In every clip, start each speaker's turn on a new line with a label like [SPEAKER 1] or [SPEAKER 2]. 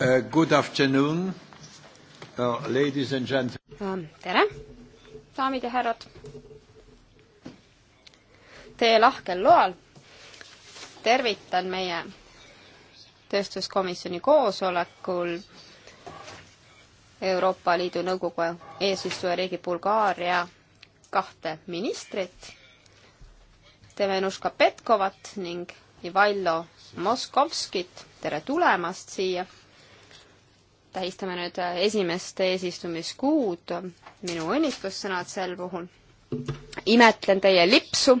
[SPEAKER 1] Uh, good afternoon uh,, ladies and gentlemen.
[SPEAKER 2] Uh, tere, daamid ja härrad. Teie lahkel loal tervitan meie tööstuskomisjoni koosolekul Euroopa Liidu Nõukogu eesistujariigi Bulgaaria kahte ministrit, Temenuška Petkovat ning Ivailo Moskovskit. tere tulemast siia tähistame nüüd äh, esimest eesistumiskuud, minu õnnitlussõnad sel puhul. imetlen teie lipsu,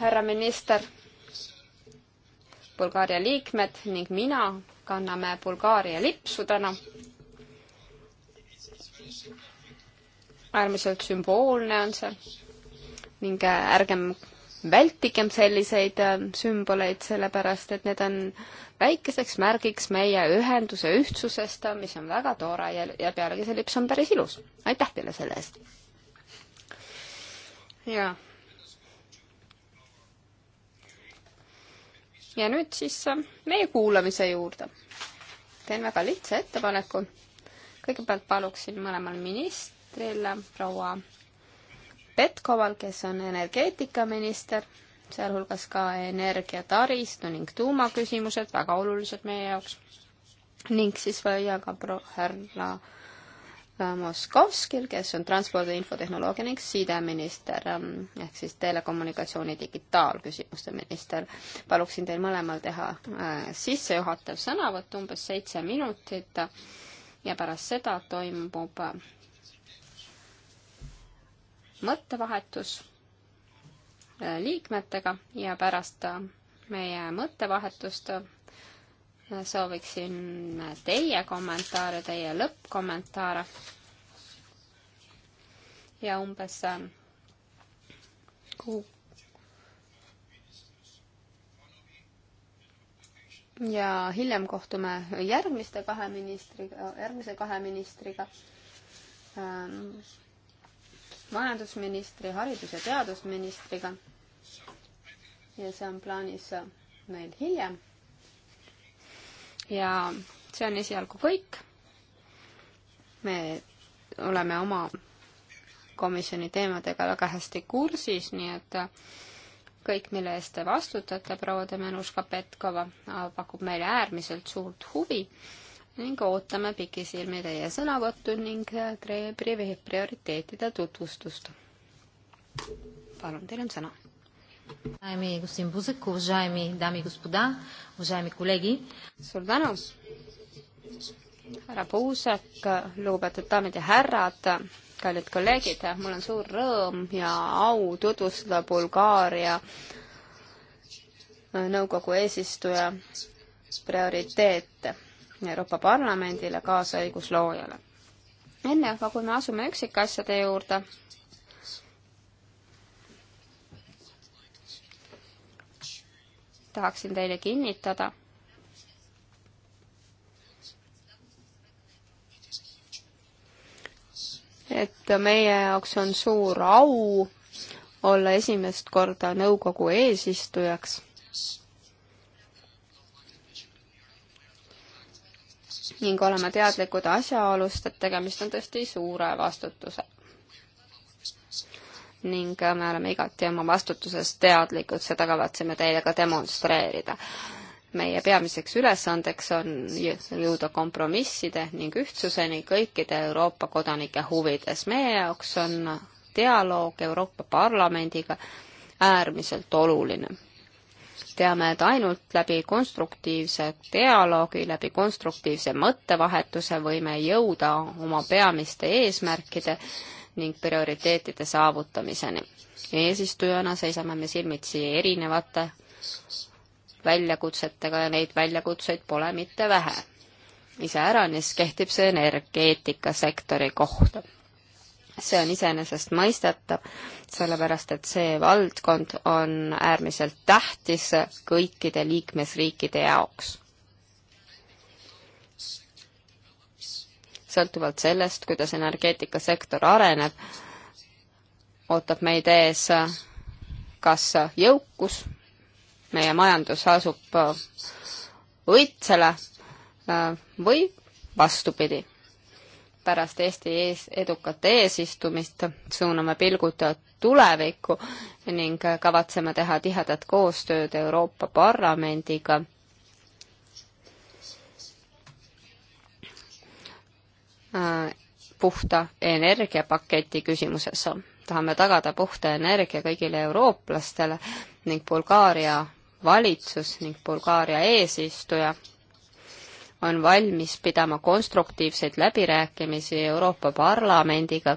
[SPEAKER 2] härra minister, Bulgaaria liikmed ning mina kanname Bulgaaria lipsu täna. äärmiselt sümboolne on see ning äh, ärgem vältigem selliseid äh, sümboleid, sellepärast et need on väikeseks märgiks meie ühenduse ühtsusest, mis on väga tore ja, ja pealegi see lips on päris ilus. aitäh teile selle eest! jaa. ja nüüd siis äh, meie kuulamise juurde. teen väga lihtsa ettepaneku. kõigepealt paluksin mõlemal ministril proua Petkoval, kes on energeetikaminister, sealhulgas ka energiataristu ning tuumaküsimused, väga olulised meie jaoks, ning siis ja ka härra Moskovskil, kes on transpordi infotehnoloogia ning sideminister ähm, ehk siis telekommunikatsiooni digitaalküsimuste minister. paluksin teil mõlemal teha äh, sissejuhatav sõnavõtt, umbes seitse minutit ja pärast seda toimub äh, mõttevahetus äh, liikmetega ja pärast äh, meie mõttevahetust äh, sooviksin teie kommentaare, teie lõppkommentaare. ja umbes kuu. ja hiljem kohtume järgmiste kahe ministriga, järgmise kahe ministriga ähm, majandusministri, haridus- ja teadusministriga. ja see on plaanis meil hiljem. ja see on esialgu kõik. me oleme oma komisjoni teemadega väga hästi kursis, nii et kõik, mille eest te vastutate, proua Demenuška Petkova, pakub meile äärmiselt suurt huvi ning ootame pikisilmi teie sõnavõttu ning teie prioriteetide tutvustust. palun, teil on sõna. Уважаеми господин Бузък, уважаеми дами и господа, уважаеми колеги. Suur tänu! härra Puusek, lugupeetud daamid ja härrad, kallid kolleegid, mul on suur rõõm ja au tutvustada Bulgaaria nõukogu eesistuja prioriteete Euroopa Parlamendile, kaasõigusloojale. enne aga, kui me asume üksikasjade juurde, tahaksin teile kinnitada, et meie jaoks on suur au olla esimest korda nõukogu eesistujaks ning olema teadlikud asjaolust, et tegemist on tõesti suure vastutusega. ning äh, me oleme igati oma vastutusest teadlikud, seda kavatseme teile ka demonstreerida. meie peamiseks ülesandeks on jõuda kompromisside ning ühtsuseni kõikide Euroopa kodanike huvides. meie jaoks on dialoog Euroopa Parlamendiga äärmiselt oluline teame, et ainult läbi konstruktiivse dialoogi, läbi konstruktiivse mõttevahetuse võime jõuda oma peamiste eesmärkide ning prioriteetide saavutamiseni. eesistujana seisame me silmitsi erinevate väljakutsetega ja neid väljakutseid pole mitte vähe. iseäranis kehtib see energeetikasektori kohta see on iseenesestmõistetav, sellepärast et see valdkond on äärmiselt tähtis kõikide liikmesriikide jaoks. sõltuvalt sellest, kuidas energeetikasektor areneb, ootab meid ees kas jõukus, meie majandus asub õitsele või vastupidi pärast Eesti ees, edukat eesistumist suuname pilgud tulevikku ning kavatseme teha tihedat koostööd Euroopa Parlamendiga. puhta energiapaketi küsimuses. tahame tagada puhta energia kõigile eurooplastele ning Bulgaaria valitsus ning Bulgaaria eesistuja on valmis pidama konstruktiivseid läbirääkimisi Euroopa Parlamendiga,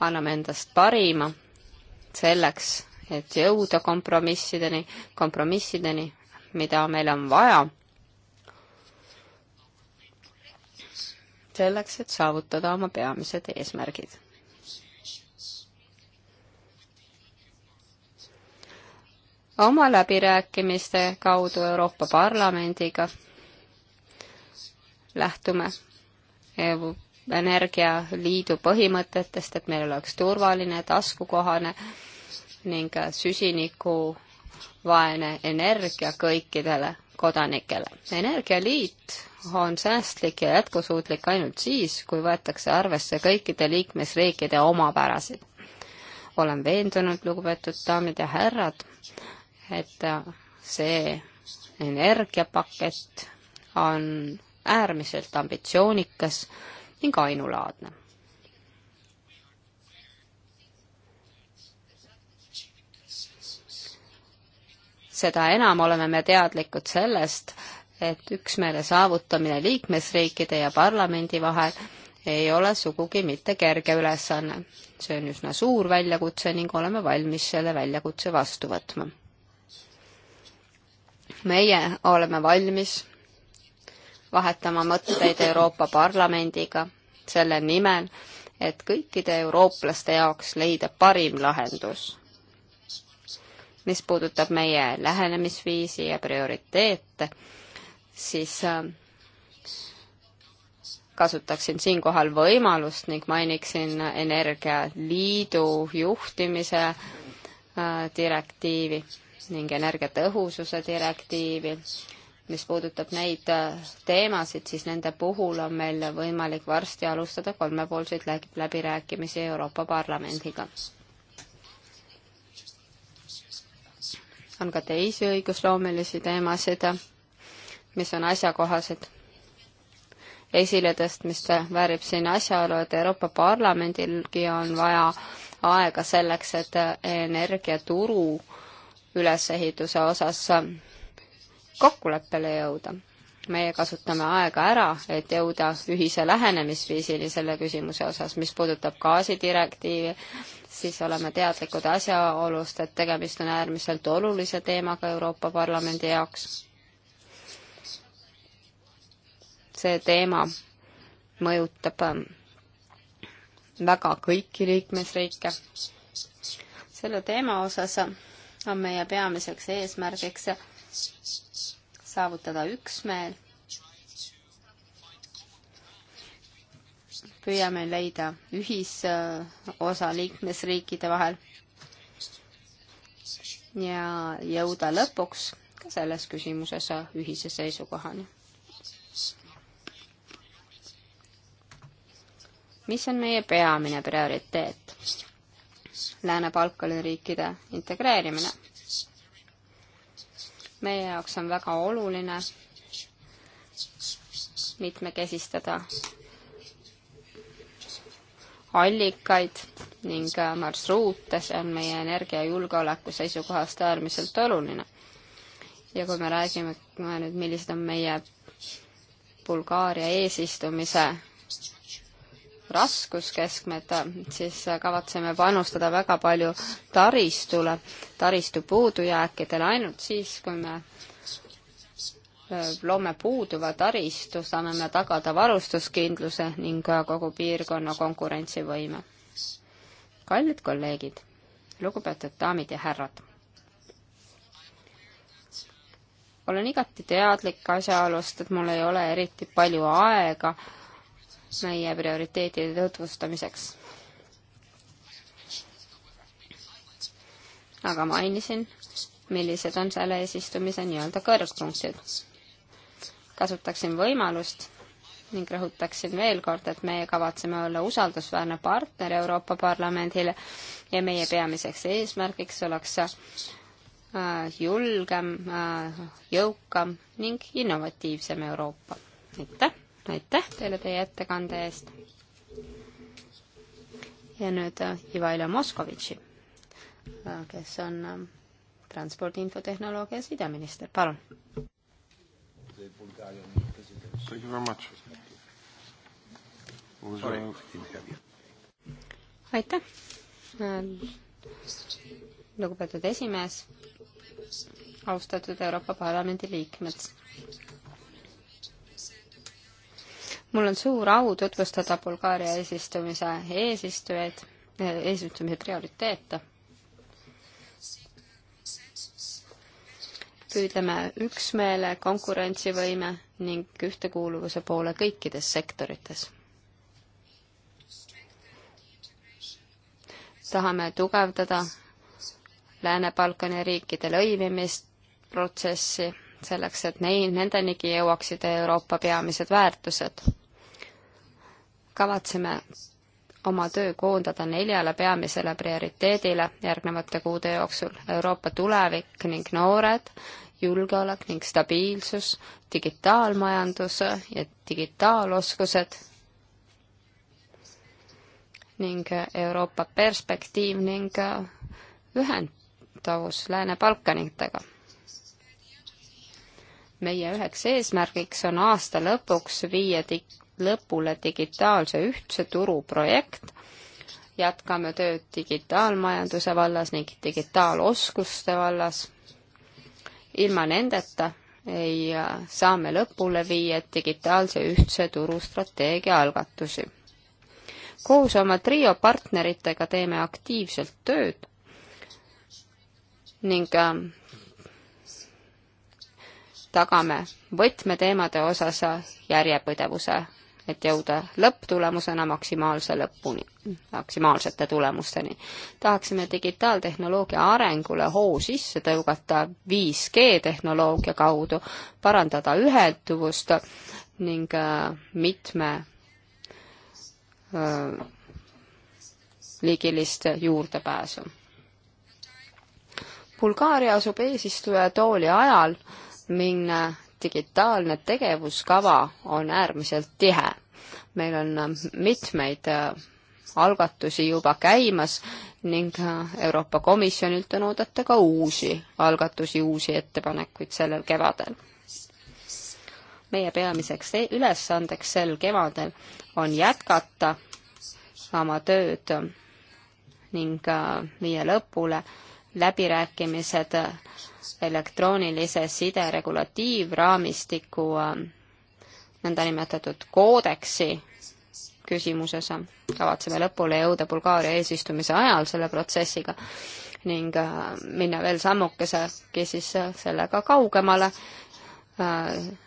[SPEAKER 2] anname endast parima selleks, et jõuda kompromissideni, kompromissideni, mida meil on vaja, selleks, et saavutada oma peamised eesmärgid. oma läbirääkimiste kaudu Euroopa Parlamendiga lähtume energialiidu põhimõtetest, et meil oleks turvaline, taskukohane ning süsinikuvaene energia kõikidele kodanikele. energialiit on säästlik ja jätkusuutlik ainult siis, kui võetakse arvesse kõikide liikmesriikide omapärasid. olen veendunud, lugupeetud daamid ja härrad, et see energiapakett on äärmiselt ambitsioonikas ning ainulaadne. seda enam oleme me teadlikud sellest, et üksmeele saavutamine liikmesriikide ja parlamendi vahel ei ole sugugi mitte kerge ülesanne. see on üsna suur väljakutse ning oleme valmis selle väljakutse vastu võtma. meie oleme valmis vahetama mõtteid Euroopa Parlamendiga selle nimel, et kõikide eurooplaste jaoks leida parim lahendus, mis puudutab meie lähenemisviisi ja prioriteete, siis äh, kasutaksin siinkohal võimalust ning mainiksin Energialiidu juhtimise äh, direktiivi ning energiatõhususe direktiivi mis puudutab neid äh, teemasid, siis nende puhul on meil võimalik varsti alustada kolmepoolseid läbirääkimisi Euroopa Parlamendiga. on ka teisi õigusloomelisi teemasid, äh, mis on asjakohased. esiletõstmist väärib siin asjaolu, et Euroopa Parlamendilgi on vaja aega selleks, et äh, energiaturu ülesehituse osas kokkuleppele jõuda. meie kasutame aega ära, et jõuda ühise lähenemisviisini selle küsimuse osas, mis puudutab gaasidirektiivi, siis oleme teadlikud asjaolust, et tegemist on äärmiselt olulise teemaga Euroopa Parlamendi jaoks. see teema mõjutab ähm, väga kõiki liikmesriike. selle teema osas ähm, on meie peamiseks eesmärgiks saavutada üksmeel. püüame leida ühisosa äh, liikmesriikide vahel ja jõuda lõpuks ka selles küsimuses äh, ühise seisukohani. mis on meie peamine prioriteet? Lääne-Balkani riikide integreerimine meie jaoks on väga oluline mitmekesistada allikaid ning äh, marsruute, see on meie energiajulgeoleku seisukohast äärmiselt oluline. ja kui me räägime nüüd, millised on meie Bulgaaria eesistumise raskuskeskmed, siis kavatseme panustada väga palju taristule, taristu puudujääkidele, ainult siis, kui me loome puuduva taristu, saame me tagada varustuskindluse ning kogu piirkonna konkurentsivõime. kallid kolleegid, lugupeetud daamid ja härrad. olen igati teadlik asjaolust, et mul ei ole eriti palju aega meie prioriteetide tutvustamiseks. aga mainisin, millised on selle eesistumise nii-öelda kõrgpunktid. kasutaksin võimalust ning rõhutaksin veel kord, et meie kavatseme olla usaldusväärne partner Euroopa Parlamendile ja meie peamiseks eesmärgiks oleks äh, julgem, äh, jõukam ning innovatiivsem Euroopa. aitäh! aitäh teile teie ettekande eest. ja nüüd äh, Ivailo Moskovitši, äh, kes on äh, transpordi infotehnoloogia sideminister, palun.
[SPEAKER 1] Uh,
[SPEAKER 2] aitäh, lugupeetud esimees, austatud Euroopa Parlamendi liikmed mul on suur au tutvustada Bulgaaria eesistumise eesistujaid, eesistumise prioriteete. püüdleme üksmeele, konkurentsivõime ning ühtekuuluvuse poole kõikides sektorites. tahame tugevdada Lääne-Balkani riikide lõimimisprotsessi selleks, et neil, nendeni jõuaksid Euroopa peamised väärtused kavatseme oma töö koondada neljale peamisele prioriteedile järgnevate kuude jooksul. Euroopa tulevik ning noored, julgeolek ning stabiilsus, digitaalmajandus ja digitaaloskused ning Euroopa perspektiiv ning ühendavus Lääne-Balkanitega. meie üheks eesmärgiks on aasta lõpuks viia dig-, lõpule digitaalse ühtse turu projekt, jätkame tööd digitaalmajanduse vallas ning digitaaloskuste vallas. ilma nendeta ei äh, saa me lõpule viia digitaalse ühtse turu strateegia algatusi. koos oma trio partneritega teeme aktiivselt tööd ning ähm, tagame võtmeteemade osas järjepidevuse et jõuda lõpptulemusena maksimaalse lõpuni, maksimaalsete tulemusteni. tahaksime digitaaltehnoloogia arengule hoo sisse tõugata 5G tehnoloogia kaudu, parandada ühelduvust ning äh, mitme äh, liigilist juurdepääsu. Bulgaaria asub eesistuja tooli ajal, minna digitaalne tegevuskava on äärmiselt tihe. meil on äh, mitmeid äh, algatusi juba käimas ning äh, Euroopa Komisjonilt on oodata ka uusi algatusi, uusi ettepanekuid sellel kevadel. meie peamiseks ülesandeks sel kevadel on jätkata oma tööd ning viia lõpule läbirääkimised elektroonilise side regulatiivraamistiku äh, nõndanimetatud koodeksi küsimuses. kavatseme lõpule jõuda Bulgaaria eesistumise ajal selle protsessiga ning äh, minna veel sammukesegi siis äh, sellega kaugemale,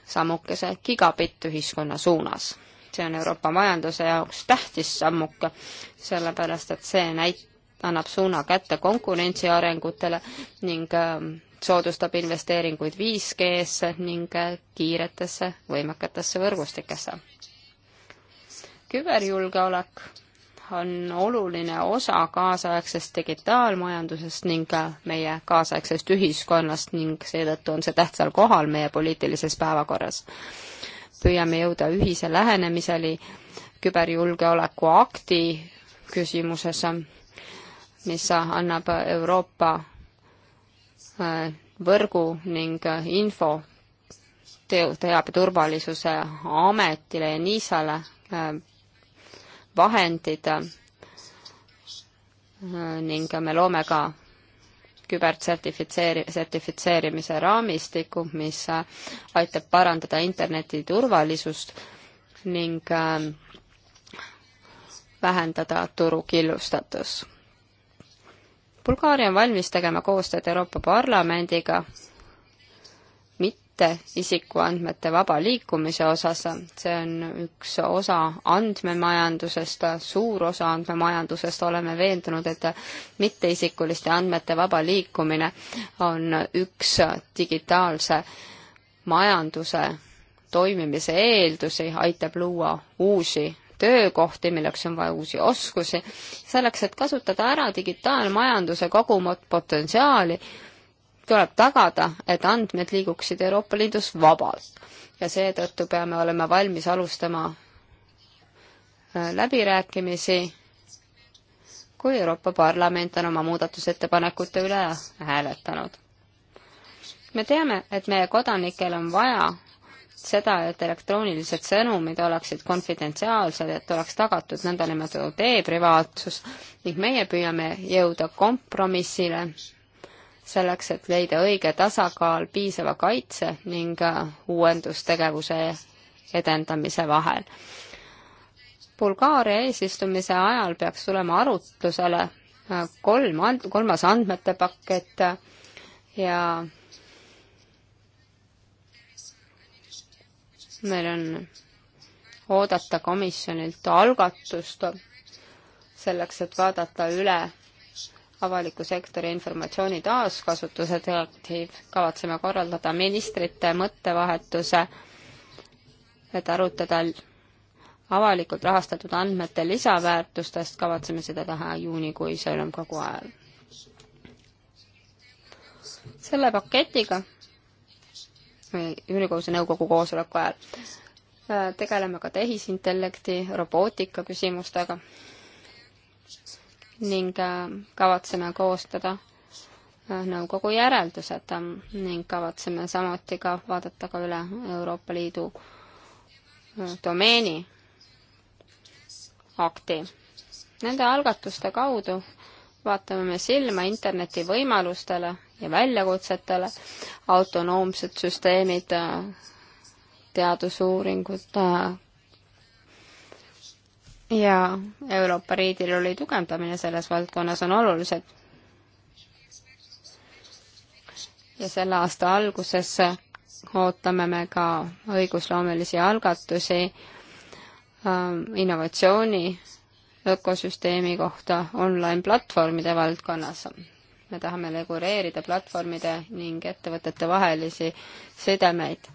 [SPEAKER 2] sammukese gigabitt-ühiskonna suunas. see on Euroopa majanduse jaoks tähtis sammuke, sellepärast et see näit-, annab suuna kätte konkurentsi arengutele ning ähm, soodustab investeeringuid 5G-sse ning äh, kiiretesse võimekatesse võrgustikesse. küberjulgeolek on oluline osa kaasaegsest digitaalmajandusest ning ka äh, meie kaasaegsest ühiskonnast ning seetõttu on see tähtsal kohal meie poliitilises päevakorras. püüame jõuda ühise lähenemiseni küberjulgeoleku akti küsimuses, mis annab Euroopa Äh, võrgu ning äh, info teabeturvalisuse ametile ja NISA-le äh, vahendid ning me loome ka kübertsertifitseeri-, sertifitseerimise raamistiku, mis aitab parandada interneti turvalisust ning vähendada turu killustatus Bulgaaria on valmis tegema koostööd Euroopa Parlamendiga mitte isikuandmete vaba liikumise osas, see on üks osa andmemajandusest, suur osa andmemajandusest, oleme veendunud, et mitteisikuliste andmete vaba liikumine on üks digitaalse majanduse toimimise eeldusi, aitab luua uusi töökohti, milleks on vaja uusi oskusi, selleks, et kasutada ära digitaalmajanduse kogumat potentsiaali, tuleb tagada, et andmed liiguksid Euroopa Liidus vabalt. ja seetõttu peame olema valmis alustama äh, läbirääkimisi, kui Euroopa Parlament on oma muudatusettepanekute üle hääletanud me teame, et meie kodanikel on vaja seda, et elektroonilised sõnumid oleksid konfidentsiaalsed, et oleks tagatud nõndanimetatud e-privaatsus ning meie püüame jõuda kompromissile selleks, et leida õige tasakaal piisava kaitse ning äh, uuendustegevuse edendamise vahel. Bulgaaria eesistumise ajal peaks tulema arutlusele äh, kolm and-, kolmas andmete pakett äh, ja meil on oodata komisjonilt algatust selleks, et vaadata üle avaliku sektori informatsiooni taaskasutuse direktiiv, kavatseme korraldada ministrite mõttevahetuse, et arutada avalikult rahastatud andmete lisaväärtustest, kavatseme seda teha juunikuise ülemkogu ajal. selle paketiga juunikuuse nõukogu koosoleku ajal. tegeleme ka tehisintellekti, robootika küsimustega ning äh, kavatseme koostada äh, nõukogu järeldused ähm, ning kavatseme samuti ka vaadata ka üle Euroopa Liidu äh, domeeni akti. Nende algatuste kaudu vaatame me silma interneti võimalustele ja väljakutsetele, autonoomsed süsteemid, äh, teadusuuringud äh, ja Euroopa Liidu rolli tugevdamine selles valdkonnas on olulised. ja selle aasta alguses ootame me ka õigusloomelisi algatusi äh, innovatsiooni ökosüsteemi kohta online platvormide valdkonnas me tahame reguleerida platvormide ning ettevõtete vahelisi sidemeid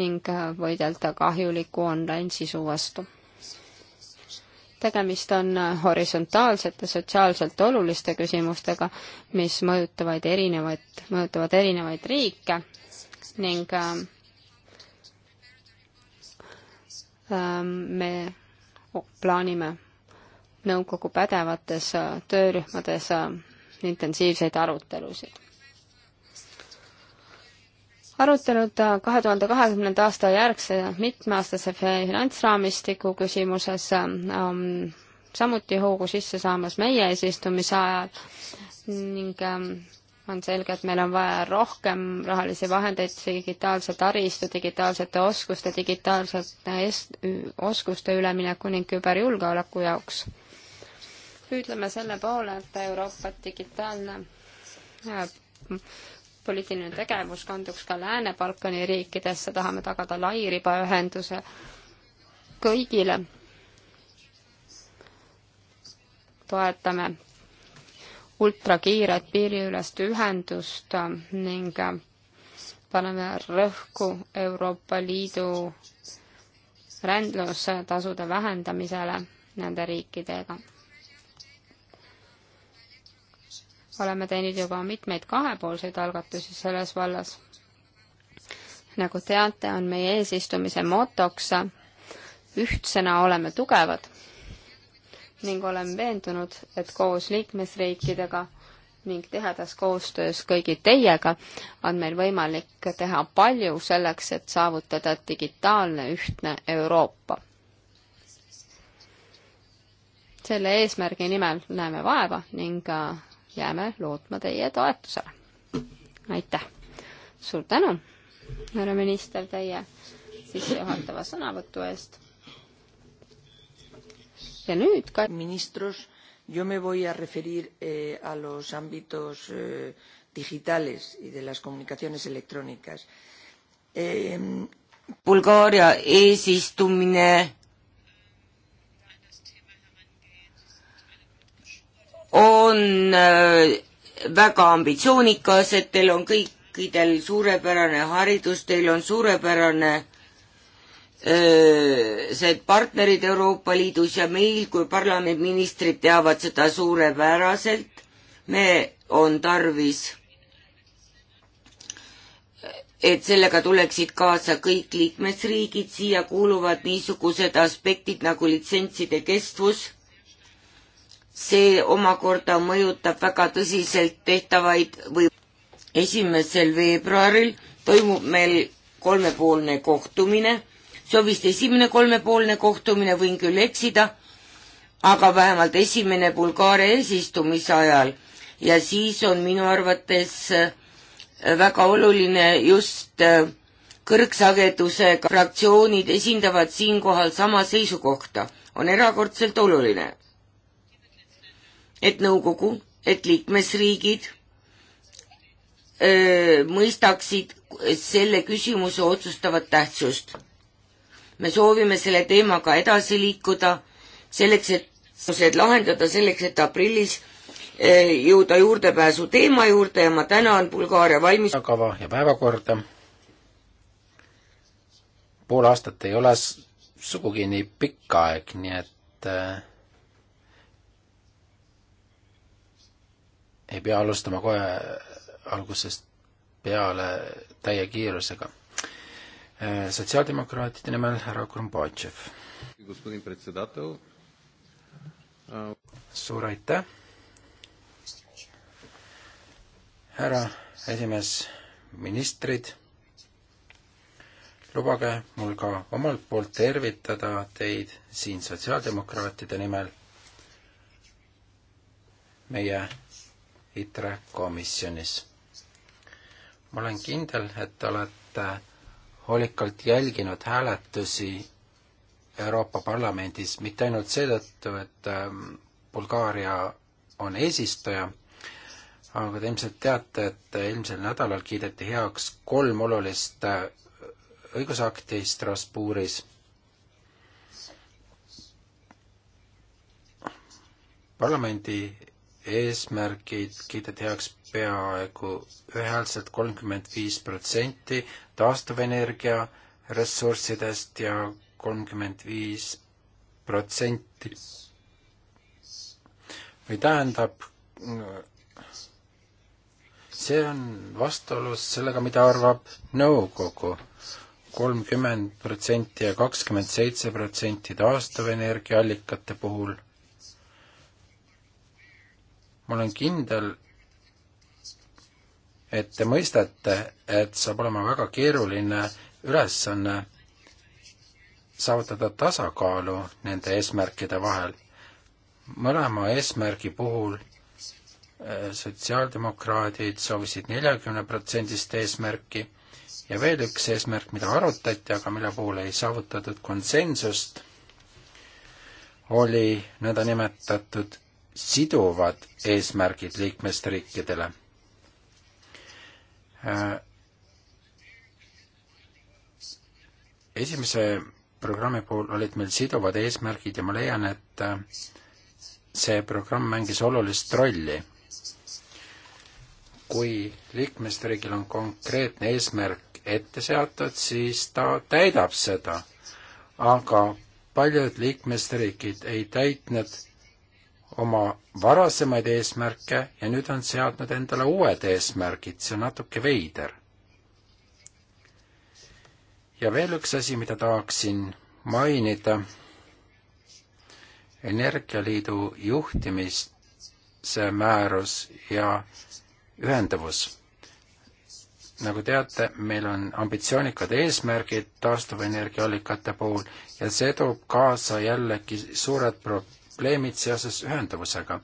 [SPEAKER 2] ning äh, võidelda kahjuliku online-sisu vastu. tegemist on äh, horisontaalsete, sotsiaalselt oluliste küsimustega, mis mõjutavad erinevaid, mõjutavad erinevaid riike ning äh, äh me oh, plaanime nõukogu pädevates äh, töörühmades äh, intensiivseid arutelusid. arutelud äh, kahe tuhande kahekümnenda aasta järgse mitmeaastase finantsraamistiku küsimuses on samuti hoogu sisse saamas meie eesistumise ajal ning on selge, et meil on vaja rohkem rahalisi vahendeid digitaalse taristu, digitaalsete oskuste, digitaalsete oskuste ülemineku ning küberjulgeoleku jaoks püüdleme selle poole, et Euroopa digitaalne äh, poliitiline tegevus kanduks ka Lääne-Balkani riikidesse, tahame tagada lairibaühenduse kõigile. toetame ultrakiiret piiriülest ühendust äh, ning äh, paneme rõhku Euroopa Liidu rändlustasude vähendamisele nende riikidega oleme teinud juba mitmeid kahepoolseid algatusi selles vallas. nagu teate, on meie eesistumise motoks ühtsena oleme tugevad ning olen veendunud, et koos liikmesriikidega ning tihedas koostöös kõigi teiega on meil võimalik teha palju selleks, et saavutada digitaalne ühtne Euroopa. selle eesmärgi nimel näeme vaeva ning äh, jääme lootma teie toetusele. aitäh! suur tänu, härra minister, teie sissejuhatava sõnavõtu eest.
[SPEAKER 3] ja nüüd ka ministrus, yo me voy a referir eh, a los ámbitos eh, digitales y de las comunicaciones electrónicas eh,. Bulgaaria eesistumine on äh, väga ambitsioonikas, et teil on kõikidel suurepärane haridus, teil on suurepärane äh, see partnerid Euroopa Liidus ja meil kui parlamendministrid teavad seda suurepäraselt, me on tarvis, et sellega tuleksid kaasa kõik liikmesriigid, siia kuuluvad niisugused aspektid nagu litsentside kestvus see omakorda mõjutab väga tõsiselt tehtavaid või esimesel veebruaril toimub meil kolmepoolne kohtumine, see on vist esimene kolmepoolne kohtumine, võin küll eksida, aga vähemalt esimene Bulgaaria eesistumise ajal ja siis on minu arvates äh, väga oluline just äh, kõrgsagedusega fraktsioonid esindavad siinkohal sama seisukohta, on erakordselt oluline et nõukogu, et liikmesriigid öö, mõistaksid selle küsimuse otsustavat tähtsust. me soovime selle teemaga edasi liikuda selleks, et küsimused lahendada, selleks et aprillis öö, jõuda juurdepääsu teema juurde ja ma tänan Bulgaaria valmis-. kava ja
[SPEAKER 1] päevakorda. pool aastat ei ole sugugi nii pikk aeg, nii et äh, ei pea alustama kohe algusest peale täie kiirusega. sotsiaaldemokraatide nimel härra Krumbatšev. suur aitäh. härra esimees, ministrid, lubage mul ka omalt poolt tervitada teid siin sotsiaaldemokraatide nimel meie ITRE komisjonis. ma olen kindel, et te olete hoolikalt jälginud hääletusi Euroopa Parlamendis mitte ainult seetõttu, et ähm, Bulgaaria on eesistuja, aga te ilmselt teate, et eelmisel nädalal kiideti heaks kolm olulist äh, õigusakti Strasbourgis. parlamendi eesmärgid kiideti heaks peaaegu ühehäälselt kolmkümmend viis protsenti taastuvenergia ressurssidest ja kolmkümmend viis protsenti. või tähendab, see on vastuolus sellega, mida arvab nõukogu. kolmkümmend protsenti ja kakskümmend seitse protsenti taastuvenergiaallikate puhul ma olen kindel, et te mõistate, et saab olema väga keeruline ülesanne saavutada tasakaalu nende eesmärkide vahel. mõlema eesmärgi puhul eh, sotsiaaldemokraadid soovisid neljakümneprotsendist eesmärki ja veel üks eesmärk, mida arutati, aga mille puhul ei saavutatud konsensust, oli nõndanimetatud siduvad eesmärgid liikmesriikidele. Äh, esimese programmi puhul olid meil siduvad eesmärgid ja ma leian, et äh, see programm mängis olulist rolli. kui liikmesriigil on konkreetne eesmärk ette seatud, siis ta täidab seda. aga paljud liikmesriigid ei täitnud oma varasemaid eesmärke ja nüüd on seadnud endale uued eesmärgid, see on natuke veider. ja veel üks asi, mida tahaksin mainida. energialiidu juhtimise määrus ja ühendavus. nagu teate, meil on ambitsioonikad eesmärgid taastuvenergiaallikate puhul ja see toob kaasa jällegi suured probleemid probleemid seoses ühendavusega.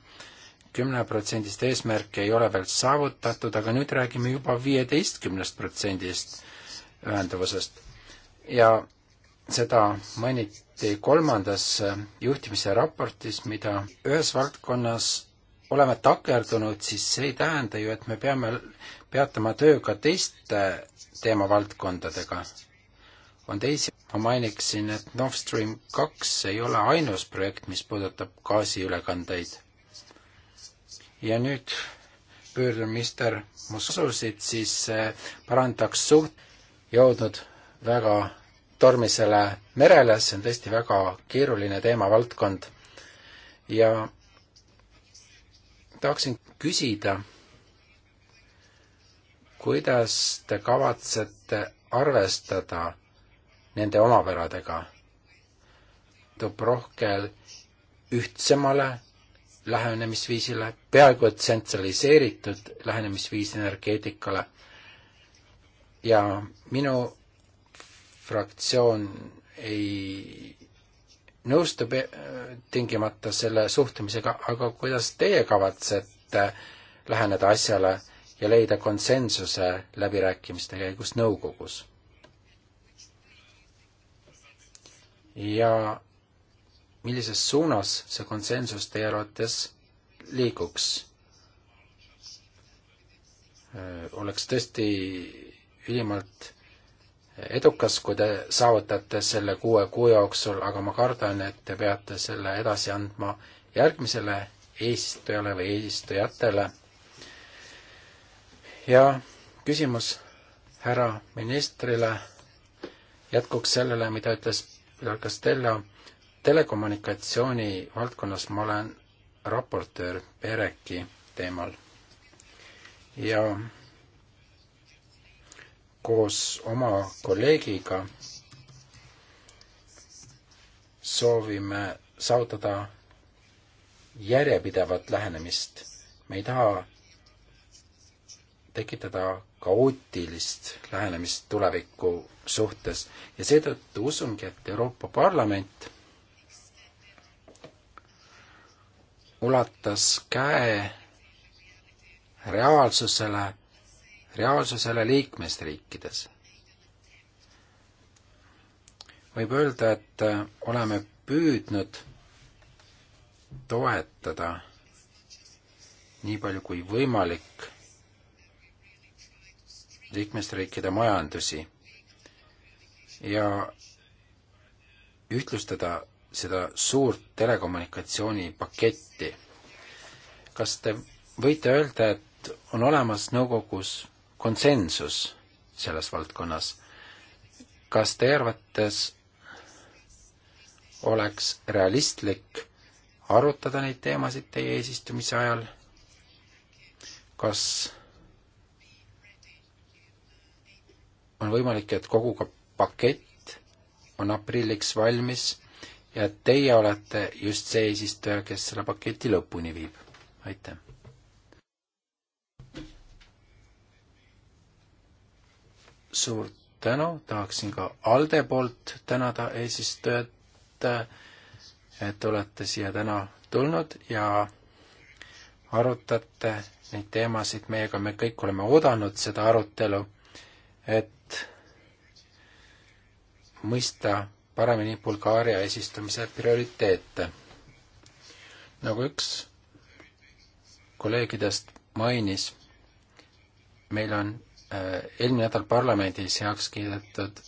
[SPEAKER 1] kümneprotsendist eesmärki ei ole veel saavutatud, aga nüüd räägime juba viieteistkümnest protsendist ühendavusest. ja seda mainiti kolmandas juhtimise raportis, mida ühes valdkonnas oleme takerdunud, siis see ei tähenda ju, et me peame peatama töö ka teiste teemavaldkondadega on teisi, ma mainiksin, et Nord Stream kaks ei ole ainus projekt, mis puudutab gaasiülekandeid. ja nüüd pöördun minister Mususid, siis eh, parandaks suht-, jõudnud väga tormisele merele, see on tõesti väga keeruline teemavaldkond. ja tahaksin küsida, kuidas te kavatsete arvestada nende omapäradega, toob rohkem ühtsemale lähenemisviisile, peaaegu et tsentraliseeritud lähenemisviis energeetikale. ja minu fraktsioon ei nõustu tingimata selle suhtumisega, aga kuidas teie kavatsete läheneda asjale ja leida konsensuse läbirääkimiste käigus nõukogus? ja millises suunas see konsensus teie arvates liiguks? Äh, oleks tõesti ülimalt edukas, kui te saavutate selle kuue kuu jooksul, aga ma kardan, et te peate selle edasi andma järgmisele eesistujale või eesistujatele. ja küsimus härra ministrile jätkuks sellele, mida ütles Pilar Castello, telekommunikatsiooni valdkonnas ma olen raportöör Pereki teemal ja koos oma kolleegiga soovime saavutada järjepidevat lähenemist. me ei taha tekitada kaootilist lähenemist tuleviku suhtes ja seetõttu usungi, et Euroopa Parlament ulatas käe reaalsusele, reaalsusele liikmesriikides. võib öelda, et oleme püüdnud toetada nii palju kui võimalik liikmesriikide majandusi ja ühtlustada seda suurt telekommunikatsioonipaketti. kas te võite öelda, et on olemas nõukogus konsensus selles valdkonnas? kas teie arvates oleks realistlik arutada neid teemasid teie eesistumise ajal? kas on võimalik, et kogu ka pakett on aprilliks valmis ja teie olete just see eesistuja, kes selle paketi lõpuni viib. aitäh! suur tänu, tahaksin ka ALDE poolt tänada eesistujat, et olete siia täna tulnud ja arutate neid teemasid meiega, me kõik oleme oodanud seda arutelu, et mõista paremini Bulgaaria eesistumise prioriteete. nagu üks kolleegidest mainis, meil on äh, eelmine nädal parlamendis heaks kiidetud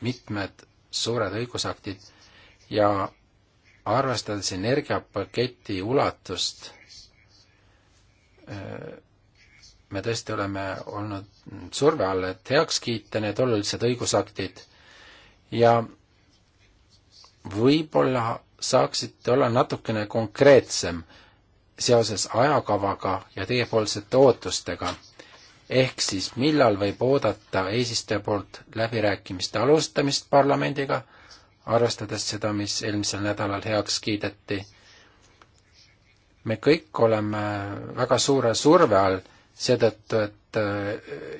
[SPEAKER 1] mitmed suured õigusaktid ja arvestades energiapaketi ulatust äh,, me tõesti oleme olnud surve all, et heaks kiita need olulised õigusaktid ja võib-olla saaksite olla natukene konkreetsem seoses ajakavaga ja teiepoolsete ootustega. ehk siis millal võib oodata eesistuja poolt läbirääkimiste alustamist parlamendiga, arvestades seda, mis eelmisel nädalal heaks kiideti. me kõik oleme väga suure surve all seetõttu, et äh,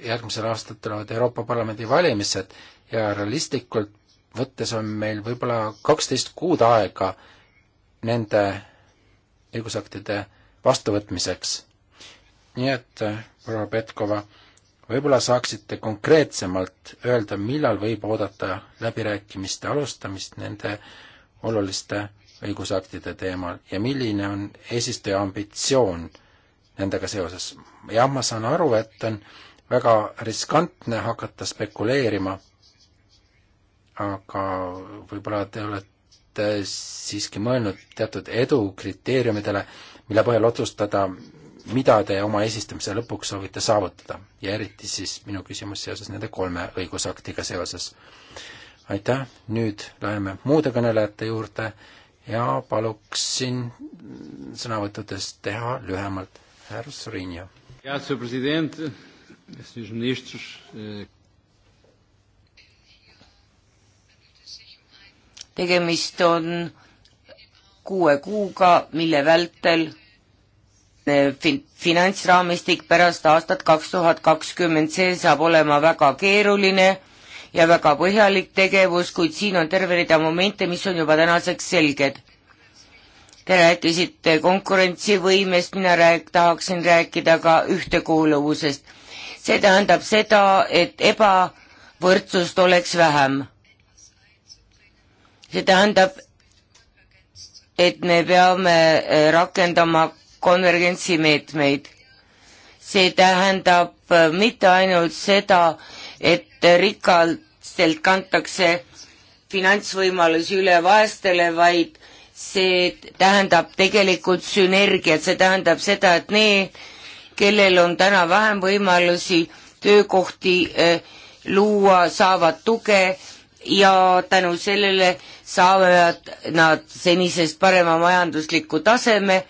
[SPEAKER 1] järgmisel aastal tulevad Euroopa Parlamendi valimised ja realistlikult võttes on meil võib-olla kaksteist kuud aega nende õigusaktide vastuvõtmiseks. nii et, äh, proua Petkova, võib-olla saaksite konkreetsemalt öelda, millal võib oodata läbirääkimiste alustamist nende oluliste õigusaktide teemal ja milline on eesistuja ambitsioon nendega seoses. jah, ma saan aru, et on väga riskantne hakata spekuleerima, aga võib-olla te olete siiski mõelnud teatud edu kriteeriumidele, mille põhjal otsustada, mida te oma eesistumise lõpuks soovite saavutada ja eriti siis minu küsimus seoses nende kolme õigusaktiga seoses. aitäh, nüüd läheme muude kõnelejate juurde ja paluksin sõnavõttudes teha lühemalt Herr Sorinja. Obrigado, Sr. Presidente, Srs. Ministros. Eh,
[SPEAKER 3] tegemist on kuue kuuga, mille vältel eh, fin-, finantsraamistik pärast aastat kaks tuhat kakskümmend, see saab olema väga keeruline ja väga põhjalik tegevus, kuid siin on terve rida momente, mis on juba tänaseks selged Te rääkisite konkurentsivõimest, mina rääk-, tahaksin rääkida ka ühtekuuluvusest. see tähendab seda, et ebavõrdsust oleks vähem. see tähendab, et me peame äh, rakendama konvergentsimeetmeid. see tähendab äh, mitte ainult seda, et rikkalt kantakse finantsvõimalusi üle vaestele, vaid see tähendab tegelikult sünergiat, see tähendab seda, et need, kellel on täna vähem võimalusi töökohti eh, luua, saavad tuge ja tänu sellele saavad nad senisest parema majandusliku taseme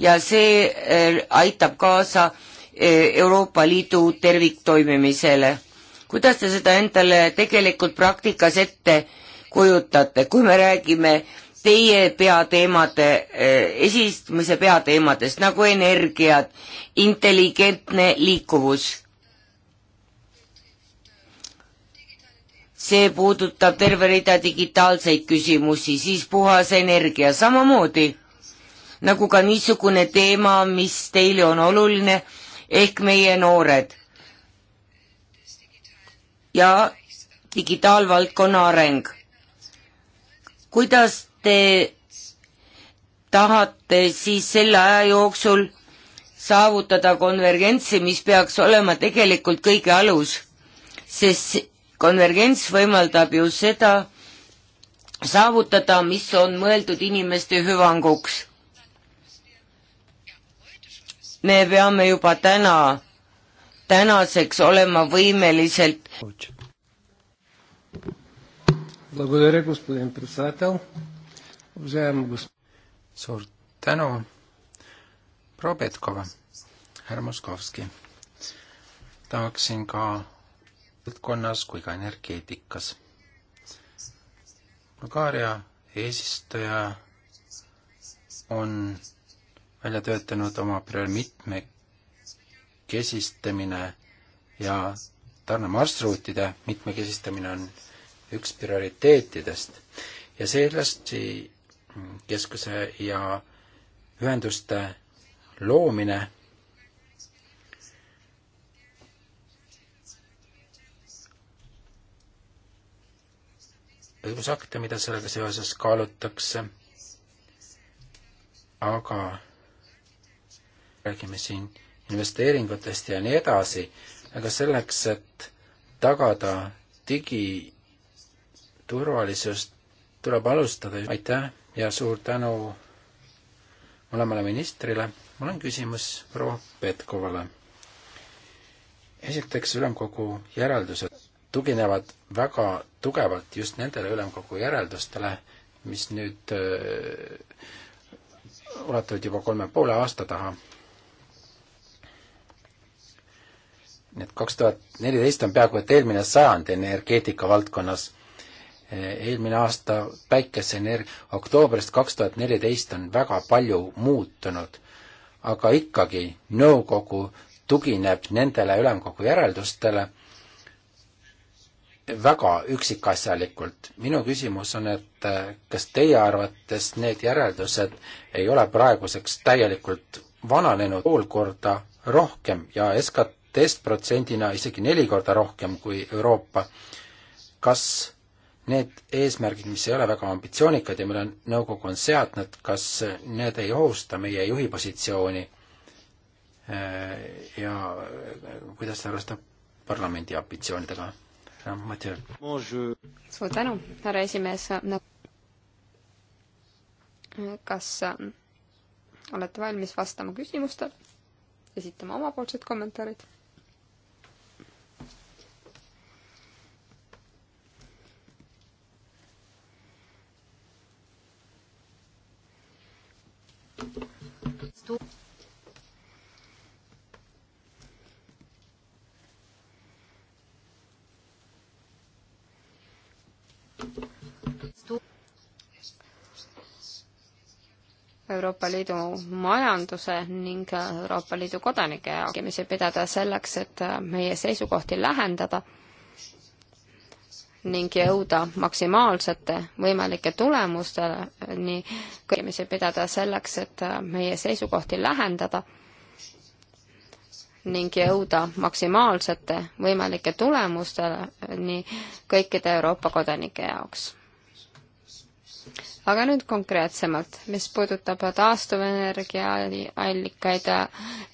[SPEAKER 3] ja see eh, aitab kaasa eh, Euroopa Liidu terviktoimimisele. kuidas te seda endale tegelikult praktikas ette kujutate, kui me räägime äh, teie peateemade, eh, esistumise peateemadest nagu energiad, intelligentne liikuvus. see puudutab terve rida digitaalseid küsimusi, siis puhas energia samamoodi, nagu ka niisugune teema, mis teile on oluline, ehk meie noored. ja digitaalvaldkonna areng. kuidas te tahate siis selle aja jooksul saavutada konvergentsi, mis peaks olema tegelikult kõige alus, sest konvergents võimaldab ju seda saavutada, mis on mõeldud inimeste hüvanguks. me peame juba täna, tänaseks olema võimeliselt.
[SPEAKER 1] Благодаря, господин председател suur tänu, proua Petkova, härra Moskovski. tahaksin ka valdkonnas kui ka energeetikas. Bulgaaria eesistuja on välja töötanud oma mitmekesistamine ja tarnemarsruutide mitmekesistamine on üks prioriteetidest ja sellest keskuse ja ühenduste loomine õigusakte, mida sellega seoses kaalutakse, aga räägime siin investeeringutest ja nii edasi, aga selleks, et tagada digiturvalisust, tuleb alustada, aitäh! ja suur tänu mõlemale ministrile. mul on küsimus proua Petkovale. esiteks ülemkogu järeldused tuginevad väga tugevalt just nendele ülemkogu järeldustele, mis nüüd öö, äh, ulatuvad juba kolme poole aasta taha. nii et kaks tuhat neliteist on peaaegu et eelmine sajand energeetika valdkonnas eelmine aasta päikeseenergia, oktoobrist kaks tuhat neliteist on väga palju muutunud, aga ikkagi nõukogu tugineb nendele ülemkogu järeldustele väga üksikasjalikult. minu küsimus on, et äh, kas teie arvates need järeldused ei ole praeguseks täielikult vananenud pool korda rohkem ja SKT-st protsendina isegi neli korda rohkem kui Euroopa, kas need eesmärgid, mis ei ole väga ambitsioonikad ja mille nõukogu on seadnud, kas need ei ohusta meie juhi positsiooni äh, ja äh, kuidas see arvestab parlamendi ambitsioonidega? suur
[SPEAKER 2] tänu, härra esimees no,. kas äh, olete valmis vastama küsimustele, esitama omapoolsed kommentaarid? Euroopa Liidu majanduse ning Euroopa Liidu kodanike jaoks pidada selleks, et meie seisukohti lähendada ning jõuda maksimaalsete võimalike tulemusteni, kõimisi pidada selleks, et äh, meie seisukohti lähendada ning jõuda maksimaalsete võimalike tulemusteni äh, kõikide Euroopa kodanike jaoks. aga nüüd konkreetsemalt, mis puudutab taastuvenergia allikaid ja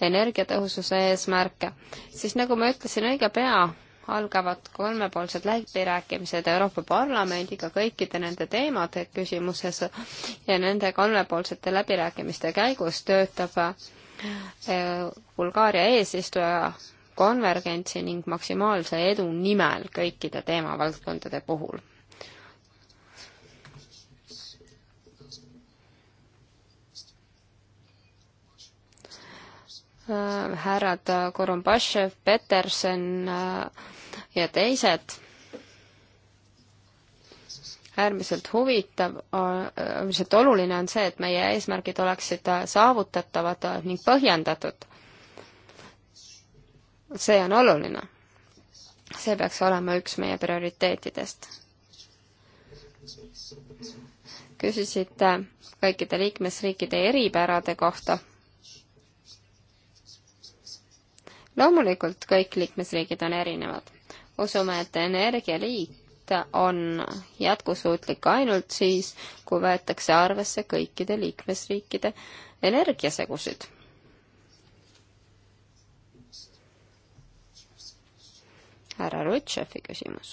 [SPEAKER 2] energiatõhususe eesmärke, siis nagu ma ütlesin, õige pea algavad kolmepoolsed läbirääkimised Euroopa Parlamendiga kõikide nende teemade küsimuses ja nende kolmepoolsete läbirääkimiste käigus töötab äh, Bulgaaria eesistuja konvergentsi ning maksimaalse edu nimel kõikide teemavaldkondade puhul. Äh, härrad Korumbašev, Peterson äh, ja teised. äärmiselt huvitav, äärmiselt oluline on see, et meie eesmärgid oleksid saavutatavad ning põhjendatud. see on oluline. see peaks olema üks meie prioriteetidest. küsisite kõikide liikmesriikide eripärade kohta loomulikult kõik liikmesriigid on erinevad usume, et energialiit on jätkusuutlik ainult siis, kui võetakse arvesse kõikide liikmesriikide energiasegusid. härra Rutšefi küsimus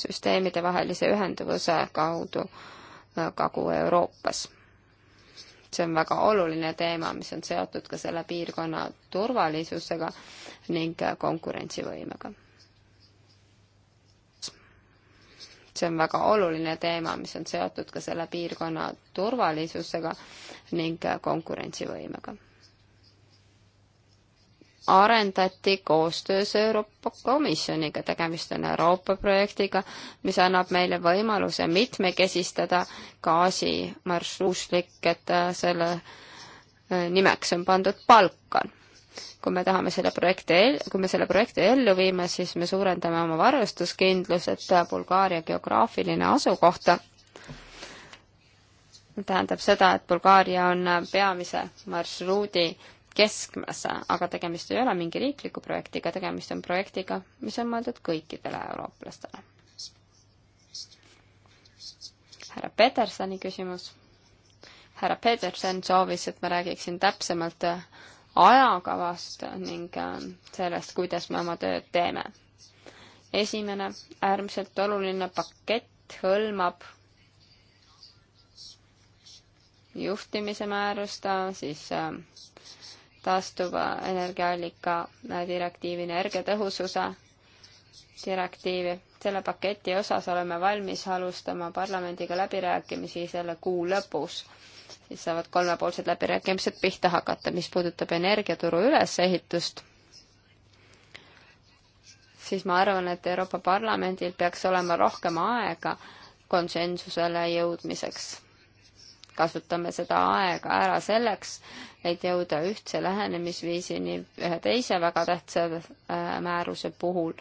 [SPEAKER 2] süsteemide vahelise ühenduvuse kaudu äh, Kagu-Euroopas see on väga oluline teema, mis on seotud ka selle piirkonna turvalisusega ning konkurentsivõimega. see on väga oluline teema, mis on seotud ka selle piirkonna turvalisusega ning konkurentsivõimega arendati koostöös Euroopa Komisjoniga, tegemist on Euroopa projektiga, mis annab meile võimaluse mitmekesistada gaasimarsruuslik, et äh, selle äh, nimeks on pandud Balkan. kui me tahame selle projekti, kui me selle projekti ellu viime, siis me suurendame oma varustuskindluset äh, Bulgaaria geograafiline asukoht tähendab seda, et Bulgaaria on peamise marsruudi keskmes, aga tegemist ei ole mingi riikliku projektiga, tegemist on projektiga, mis on mõeldud kõikidele eurooplastele. härra Petersoni küsimus. härra Peterson soovis, et ma räägiksin täpsemalt ajakavast ning äh, sellest, kuidas me oma tööd teeme. esimene äärmiselt oluline pakett hõlmab juhtimise määrust, äh, siis äh, taastuva energiaallika direktiivina energiatõhususe direktiivi. selle paketi osas oleme valmis alustama parlamendiga läbirääkimisi selle kuu lõpus. siis saavad kolmepoolsed läbirääkimised pihta hakata. mis puudutab energiaturu ülesehitust, siis ma arvan, et Euroopa Parlamendil peaks olema rohkem aega konsensusele jõudmiseks kasutame seda aega ära selleks, et jõuda ühtse lähenemisviisini ühe teise väga tähtsa äh, määruse puhul,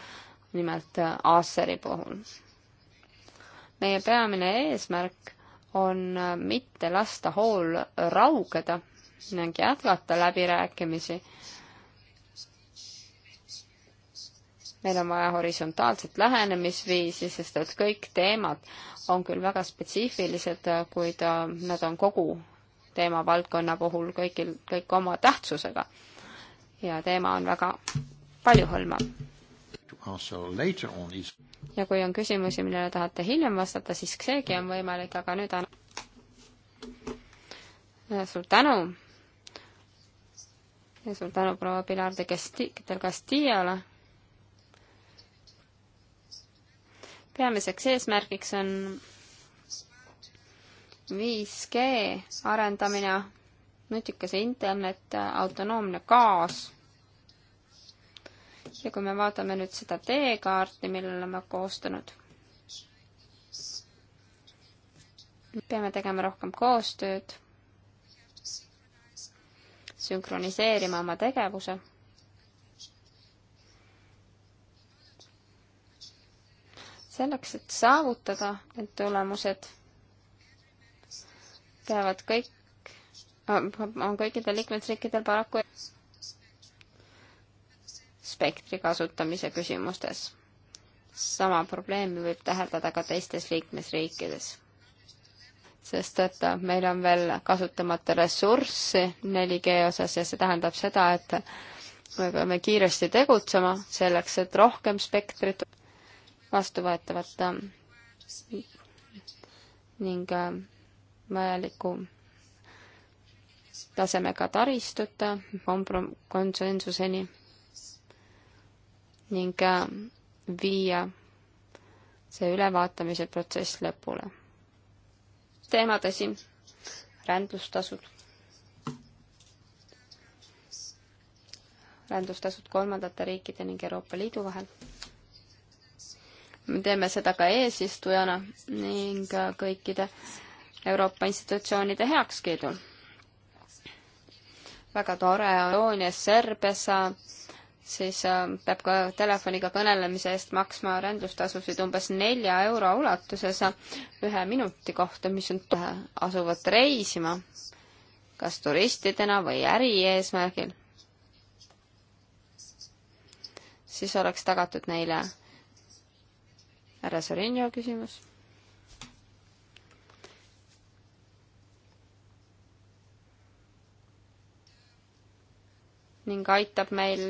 [SPEAKER 2] nimelt Aasseri äh, puhul. meie peamine eesmärk on äh, mitte lasta hool raugeda ning jätkata läbirääkimisi meil on vaja horisontaalset lähenemisviisi, sest et kõik teemad on küll väga spetsiifilised, kuid äh, nad on kogu teemavaldkonna puhul kõigil, kõik oma tähtsusega. ja teema on väga paljuhõlmav. ja kui on küsimusi, millele tahate hiljem vastata, siis seegi on võimalik, aga nüüd on ja suur tänu ja suur tänu proua Pilar de Castillale peamiseks eesmärgiks on 5G arendamine, nutikas internet, autonoomne gaas. ja kui me vaatame nüüd seda teekaarti, mille oleme koostanud, peame tegema rohkem koostööd, sünkroniseerima oma tegevuse selleks, et saavutada need tulemused, peavad kõik, on kõikidel liikmesriikidel paraku spektri kasutamise küsimustes. sama probleemi võib täheldada ka teistes liikmesriikides. sest et äh, meil on veel kasutamata ressurssi 4G osas ja see tähendab seda, et me peame kiiresti tegutsema selleks, et rohkem spektrit vastuvõetavat äh, ning äh, vajaliku tasemega taristut, äh, konsensuseni ning viia see ülevaatamise protsess lõpule. teema tõsi, rändlustasud. rändlustasud kolmandate riikide ning Euroopa Liidu vahel me teeme seda ka eesistujana ning kõikide Euroopa institutsioonide heakskiidul. väga tore on Joonias Serbias, siis äh, peab ka telefoniga kõnelemise eest maksma rändlustasusid umbes nelja euro ulatuses ühe minuti kohta, mis on, asuvad reisima kas turistidena või ärieesmärgil. siis oleks tagatud neile härra Sorinio küsimus. ning aitab meil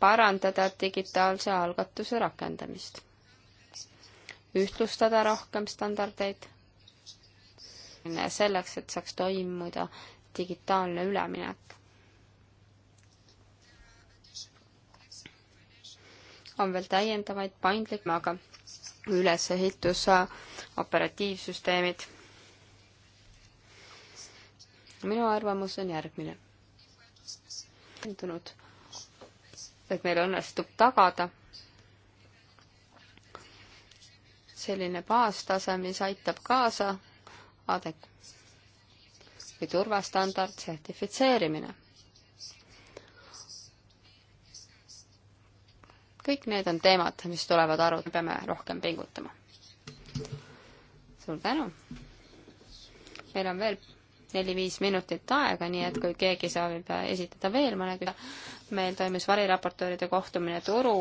[SPEAKER 2] parandada digitaalse algatuse rakendamist, ühtlustada rohkem standardeid, selleks, et saaks toimuda digitaalne üleminek. on veel täiendavaid paindlikke, aga ülesehitus, operatiivsüsteemid. minu arvamus on järgmine. tundunud, et meil õnnestub tagada selline baastase, mis aitab kaasa adek- või turvastandard sertifitseerimine kõik need on teemad, mis tulevad aru, peame rohkem pingutama. suur tänu! meil on veel neli-viis minutit aega, nii et kui keegi soovib esitada veel mõne küsimuse, meil toimus variraportööride kohtumine turu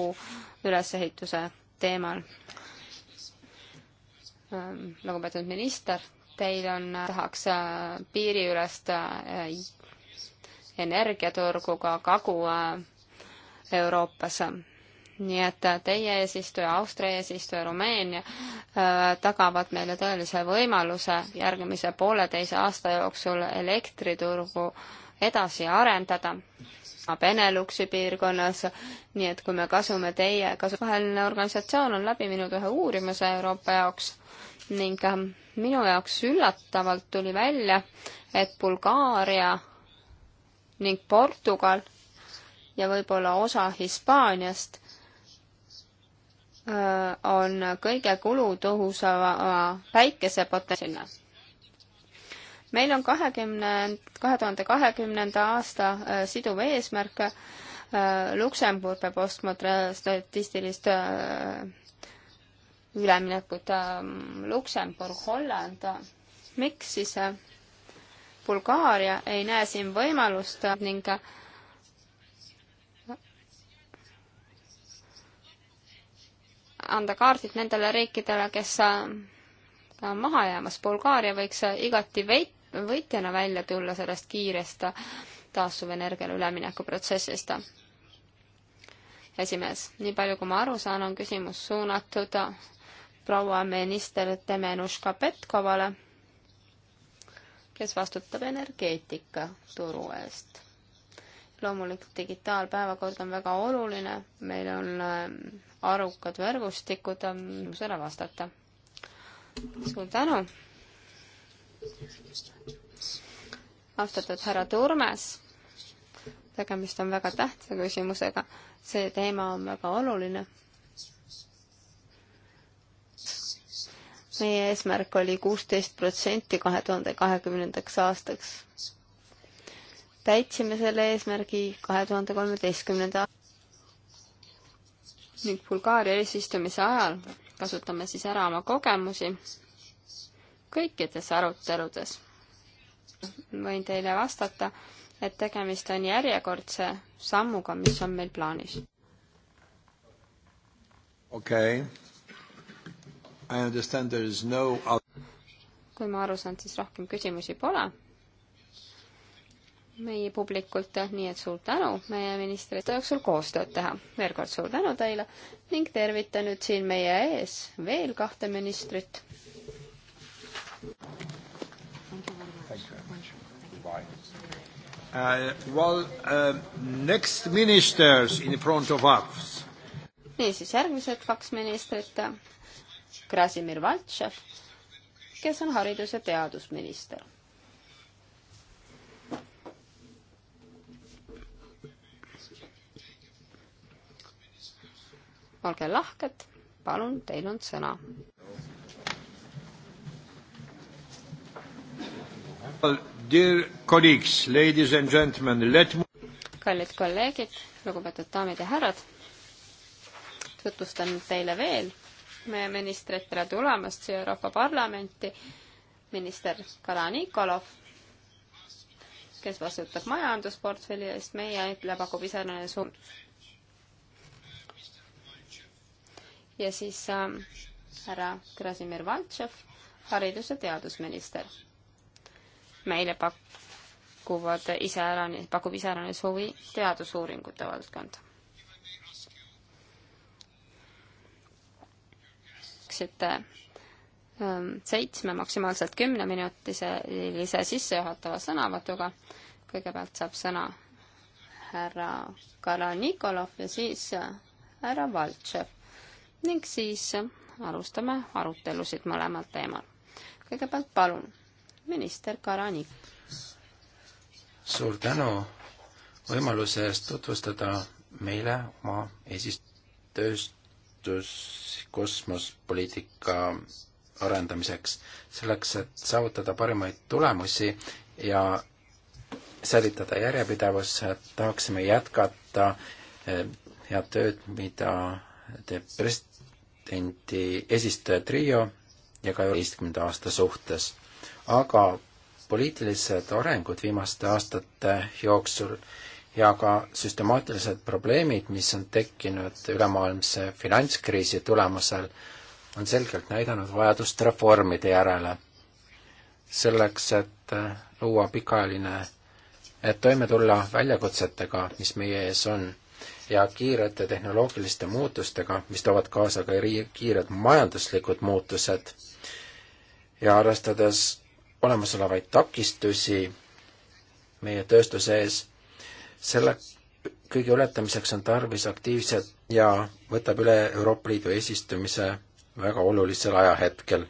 [SPEAKER 2] ülesehituse teemal. Ähm, lugupeetud minister, teil on, tahaks äh, piiriülest äh, energiaturgu ka Kagu-Euroopas äh, nii et teie eesistuja, Austria eesistuja, Rumeenia äh, tagavad meile tõelise võimaluse järgmise pooleteise aasta jooksul elektriturgu edasi arendada Beneluxi piirkonnas, nii et kui me kasume teie, kasuvaheline organisatsioon on läbi viinud ühe uurimuse Euroopa jaoks ning ähm, minu jaoks üllatavalt tuli välja, et Bulgaaria ning Portugal ja võib-olla osa Hispaaniast Äh, on kõige kulutõhusama päikesepotentsiaalina. meil on kahekümne, kahe tuhande kahekümnenda aasta äh, siduv eesmärk. Äh, Luksemburg peab ostma statistilist üleminekut ähm, Luksemburg, Holland. miks siis Bulgaaria ei näe siin võimalust ning anda kaardid nendele riikidele, kes on äh, maha jäämas. Bulgaaria võiks äh, igati veit-, võitjana välja tulla sellest kiirest äh, taastuvenergiale ülemineku protsessist. esimees, nii palju kui ma aru saan, on küsimus suunatud proua minister Temenuška Petkovale, kes vastutab energeetikaturu eest loomulikult digitaalpäevakord on väga oluline, meil on ähm, arukad võrgustikud, on ähm, selle vastata. suur tänu! austatud härra Turmes, tegemist on väga tähtsa küsimusega, see teema on väga oluline. meie eesmärk oli kuusteist protsenti kahe tuhande kahekümnendaks aastaks täitsime selle eesmärgi kahe tuhande kolmeteistkümnenda ning Bulgaaria eesistumise ajal kasutame siis ära oma kogemusi kõikides aruteludes. võin teile vastata, et tegemist on järjekordse sammuga, mis on meil plaanis.
[SPEAKER 1] okei okay.. I understand there is no
[SPEAKER 2] kui ma aru saan, siis rohkem küsimusi pole meie publikult, nii et suur tänu meie ministrite jooksul koostööd teha. veel kord suur tänu teile ning tervitan nüüd siin meie ees veel kahte ministrit.
[SPEAKER 1] Uh, well, uh, next ministers in front of us.
[SPEAKER 2] niisiis, järgmised kaks ministrit, Krasimir Valtšev, kes on haridus- ja teadusminister olge lahked, palun, teil on sõna. kallid kolleegid, lugupeetud daamid ja härrad, tutvustan teile veel meie ministrit, tere tulemast siia Euroopa Parlamenti, minister Kala Nikolov, kes vastutab majandusportfelli eest, meie ütle pakub iseenesest ja siis ähm, härra Krasimir Valtšev, haridus- ja teadusminister. meile pakuvad iseärani, pakub iseäranis huvi teadusuuringute valdkond. ütlesite ähm, seitsme, maksimaalselt kümneminutise sissejuhatava sõnavõtuga. kõigepealt saab sõna härra Kara Nikolov ja siis äh, härra Valtšev ning siis alustame arutelusid mõlemal teemal. kõigepealt palun, minister Karanik.
[SPEAKER 1] suur tänu võimaluse eest tutvustada meile oma esistööstus kosmospoliitika arendamiseks, selleks, et saavutada parimaid tulemusi ja säilitada järjepidevus, tahaksime jätkata eh, head tööd, mida teeb president presidendi esistaja trio ja ka üheteistkümnenda aasta suhtes. aga poliitilised arengud viimaste aastate jooksul ja ka süstemaatilised probleemid, mis on tekkinud ülemaailmse finantskriisi tulemusel, on selgelt näidanud vajadust reformide järele. selleks, et luua pikaajaline, et toime tulla väljakutsetega, mis meie ees on ja kiirete tehnoloogiliste muutustega, mis toovad kaasa ka kiired majanduslikud muutused ja arvestades olemasolevaid takistusi meie tööstuse ees, selle kõige ületamiseks on tarvis aktiivset ja võtab üle Euroopa Liidu eesistumise väga olulisel ajahetkel.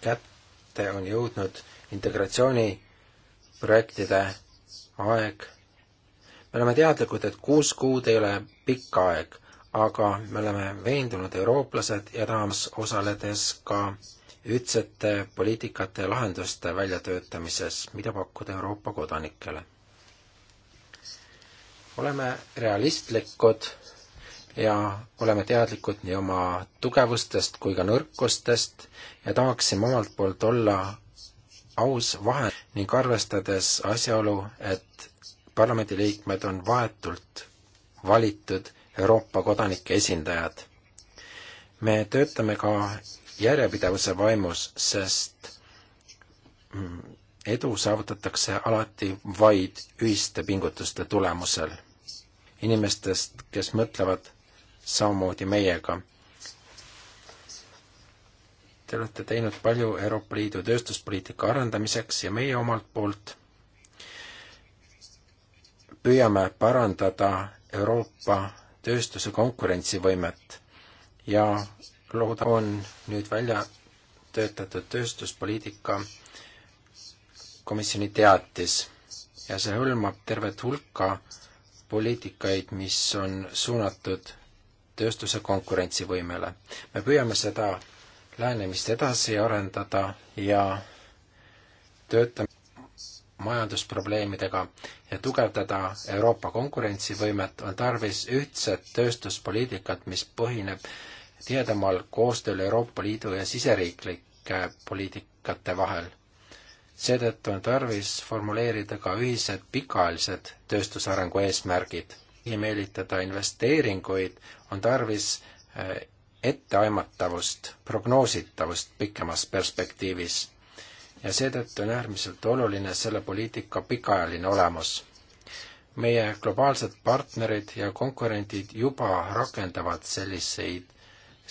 [SPEAKER 1] kätte on jõudnud integratsiooniprojektide aeg me oleme teadlikud, et kuus kuud ei ole pikk aeg, aga me oleme veendunud eurooplased ja taas osaledes ka ühtsete poliitikate ja lahenduste väljatöötamises, mida pakkuda Euroopa kodanikele. oleme realistlikud ja oleme teadlikud nii oma tugevustest kui ka nõrkustest ja tahaksime omalt poolt olla aus vahe ning arvestades asjaolu, et parlamendiliikmed on vahetult valitud Euroopa kodanike esindajad. me töötame ka järjepidevuse vaimus, sest mm, edu saavutatakse alati vaid ühiste pingutuste tulemusel. inimestest, kes mõtlevad samamoodi meiega. Te olete teinud palju Euroopa Liidu tööstuspoliitika arendamiseks ja meie omalt poolt püüame parandada Euroopa tööstuse konkurentsivõimet ja looda on nüüd välja töötatud tööstuspoliitika komisjoni teatis ja see hõlmab tervet hulka poliitikaid, mis on suunatud tööstuse konkurentsivõimele. me püüame seda lähenemist edasi arendada ja töötame majandusprobleemidega ja tugevdada Euroopa konkurentsivõimet, on tarvis ühtset tööstuspoliitikat, mis põhineb tihedamal koostööl Euroopa Liidu ja siseriiklike poliitikate vahel. seetõttu on tarvis formuleerida ka ühised pikaajalised tööstusarengu eesmärgid. meelitada investeeringuid on tarvis äh, etteaimatavust, prognoositavust pikemas perspektiivis ja seetõttu on äärmiselt oluline selle poliitika pikaajaline olemus. meie globaalsed partnerid ja konkurendid juba rakendavad selliseid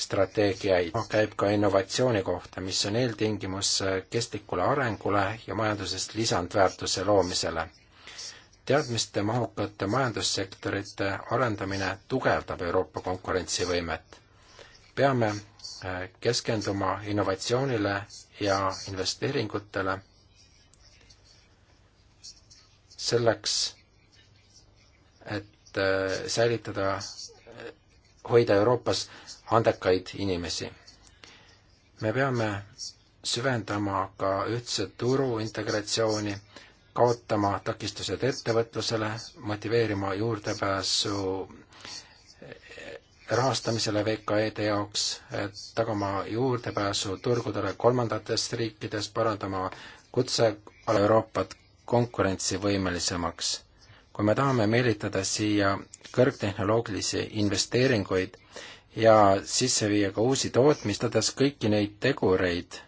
[SPEAKER 1] strateegiaid. Noh, käib ka innovatsiooni kohta, mis on eeltingimus kestlikule arengule ja majandusest lisandväärtuse loomisele. teadmistemahukate majandussektorite arendamine tugevdab Euroopa konkurentsivõimet. peame äh, keskenduma innovatsioonile ja investeeringutele selleks, et äh, säilitada, äh, hoida Euroopas andekaid inimesi. me peame süvendama ka ühtse turu integratsiooni, kaotama takistused ettevõtlusele, motiveerima juurdepääsu rahastamisele VKE-de jaoks, tagama juurdepääsu turgudele kolmandates riikides, parandama kutseala Euroopat konkurentsivõimelisemaks. kui me tahame meelitada siia kõrgtehnoloogilisi investeeringuid ja sisse viia ka uusi tootmistades kõiki neid tegureid,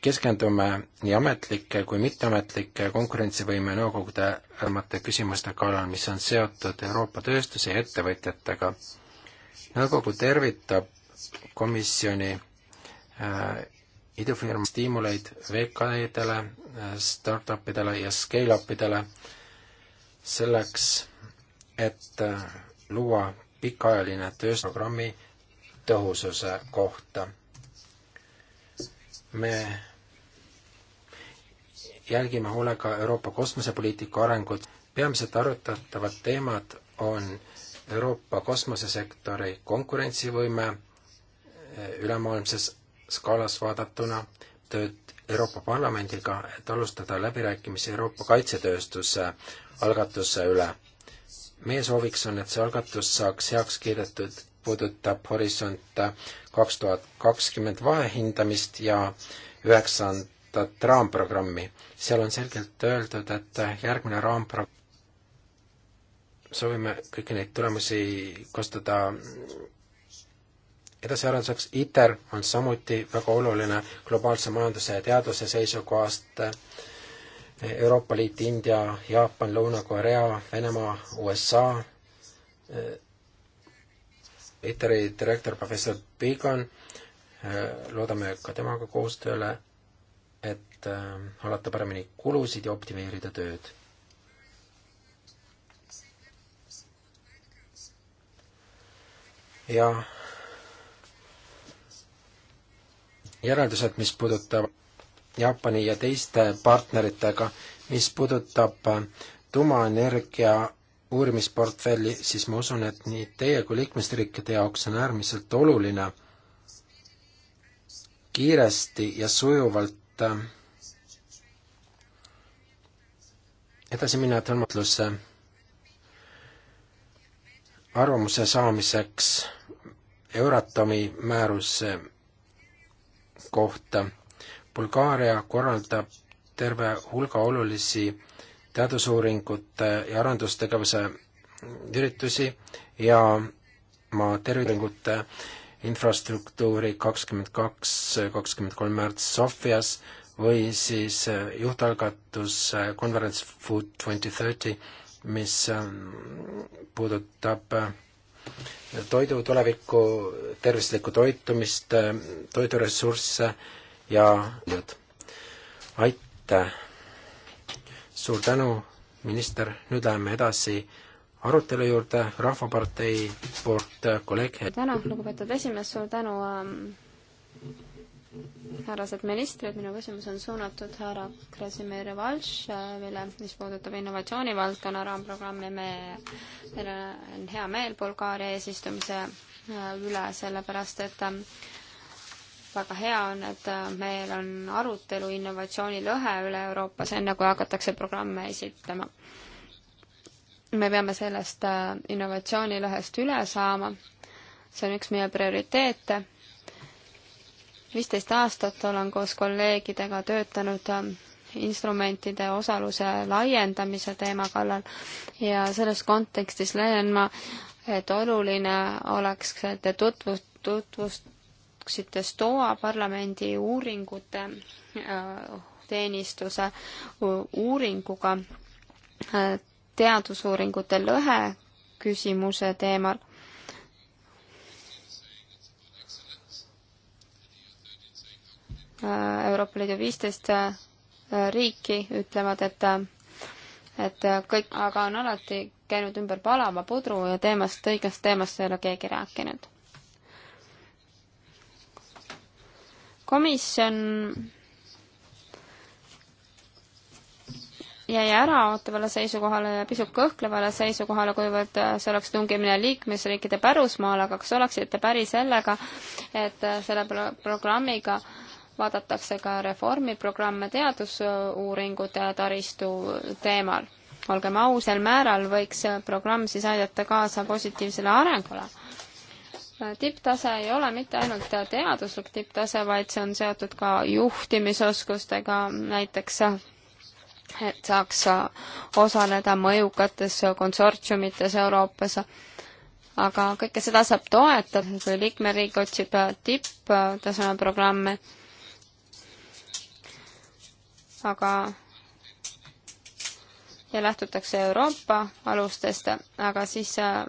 [SPEAKER 1] keskendume nii ametlike kui mitteametlike konkurentsivõime nõukogude äärmate küsimuste kallal, mis on seotud Euroopa tööstuse ja ettevõtjatega. nõukogu tervitab komisjoni äh, idufirma stiimuleid VKE-dele, äh, startup idele ja scale-up idele selleks, et äh, luua pikaajaline tööstusprogrammi tõhususe kohta. me jälgime hoolega Euroopa kosmosepoliitika arengut. peamised arutatavad teemad on Euroopa kosmosesektori konkurentsivõime eh, ülemaailmses skaalas vaadatuna, tööd Euroopa Parlamendiga, et alustada läbirääkimisi Euroopa kaitsetööstuse algatuse üle. meie sooviks on, et see algatus saaks heaks kiidetud, puudutab Horisont kaks tuhat kakskümmend vahehindamist ja üheksand-, aastat raamprogrammi. seal on selgelt öeldud, et järgmine raampro-, soovime kõiki neid tulemusi kasutada edasiarenduseks, ITER on samuti väga oluline globaalse majanduse ja teaduse seisukohast, Euroopa Liit, India, Jaapan, Lõuna-Korea, Venemaa, USA, ITER-i direktor professor Pigon, loodame ka temaga koostööle et ähm, hallata paremini kulusid ja optimeerida tööd. ja järeldused, mis puudutab Jaapani ja teiste partneritega, mis puudutab äh, tuumaenergia uurimisportfelli, siis ma usun, et nii teie kui liikmesriikide jaoks on äärmiselt oluline kiiresti ja sujuvalt äh, edasi minna tõlmatlusse. arvamuse saamiseks Euratomi määruse kohta. Bulgaaria korraldab terve hulga olulisi teadusuuringute ja arendustegevuse üritusi ja ma terviseuuringute infrastruktuuri kakskümmend kaks, kakskümmend kolm märts Sofias või siis äh, juhtalgatus äh, Conference Food 2030, mis ähm, puudutab äh, toidu tulevikku, tervislikku toitumist, toiduressursse ja aitäh! suur tänu, minister, nüüd läheme edasi arutelu juurde Rahvapartei poolt kolleeg. tänan, lugupeetud
[SPEAKER 2] esimees, suur tänu ähm, härrased ministrid, minu küsimus on suunatud härra Krasimir Valšile, äh, mis puudutab innovatsioonivaldkonna raamprogrammi. me, meil on hea meel Bulgaaria eesistumise äh, üle, sellepärast et ähm, väga hea on, et äh, meil on arutelu innovatsioonilõhe üle Euroopas, enne kui hakatakse programme esitama. me peame sellest innovatsioonilõhest üle saama, see on üks meie prioriteete viisteist aastat olen koos kolleegidega töötanud ähm, instrumentide osaluse laiendamise teema kallal ja selles kontekstis leian ma, et oluline oleks, et te tutvust, tutvustaksite STOA parlamendi uuringute äh, teenistuse uuringuga äh, teadusuuringute lõhe küsimuse teemal Äh, Euroopa Liidu viisteist äh, riiki ütlevad, et, äh, et kõik, aga on alati käinud ümber palava pudru ja teemast, õigest teemast ei ole keegi rääkinud. komisjon jäi äraootavale seisukohale ja pisut kõhklevale seisukohale, kuivõrd see oleks tungimine liikmesriikide pärusmaale, aga kas oleksite päri sellega, et selle pro programmiga äh, vaadatakse ka reformiprogramme teadusuuringute ja taristu teemal. olgem ausal määral, võiks programm siis aidata kaasa positiivsele arengule. tipptase ei ole mitte ainult teaduslik tipptase, vaid see on seotud ka juhtimisoskustega, näiteks et saaks osaleda mõjukates konsortsiumites Euroopas aga kõike seda saab toetada, kui liikmeriik otsib tipptaseme programme aga ja lähtutakse Euroopa alustest, aga siis äh,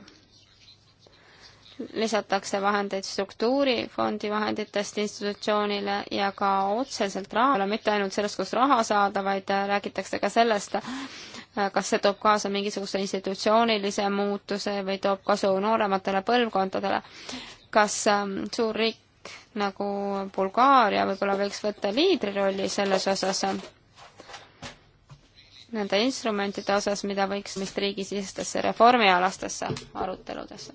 [SPEAKER 2] lisatakse vahendeid struktuurifondi vahenditest institutsioonile ja ka otseselt raha, mitte ainult sellest, kust raha saada, vaid äh, räägitakse ka sellest, äh, kas see toob kaasa mingisuguse institutsioonilise muutuse või toob kasu noorematele põlvkondadele. kas ähm, suurriik nagu Bulgaaria võib-olla võiks võtta liidrirolli selles osas? nende instrumentide osas, mida võiks vist riigisisestesse reformialastesse aruteludesse.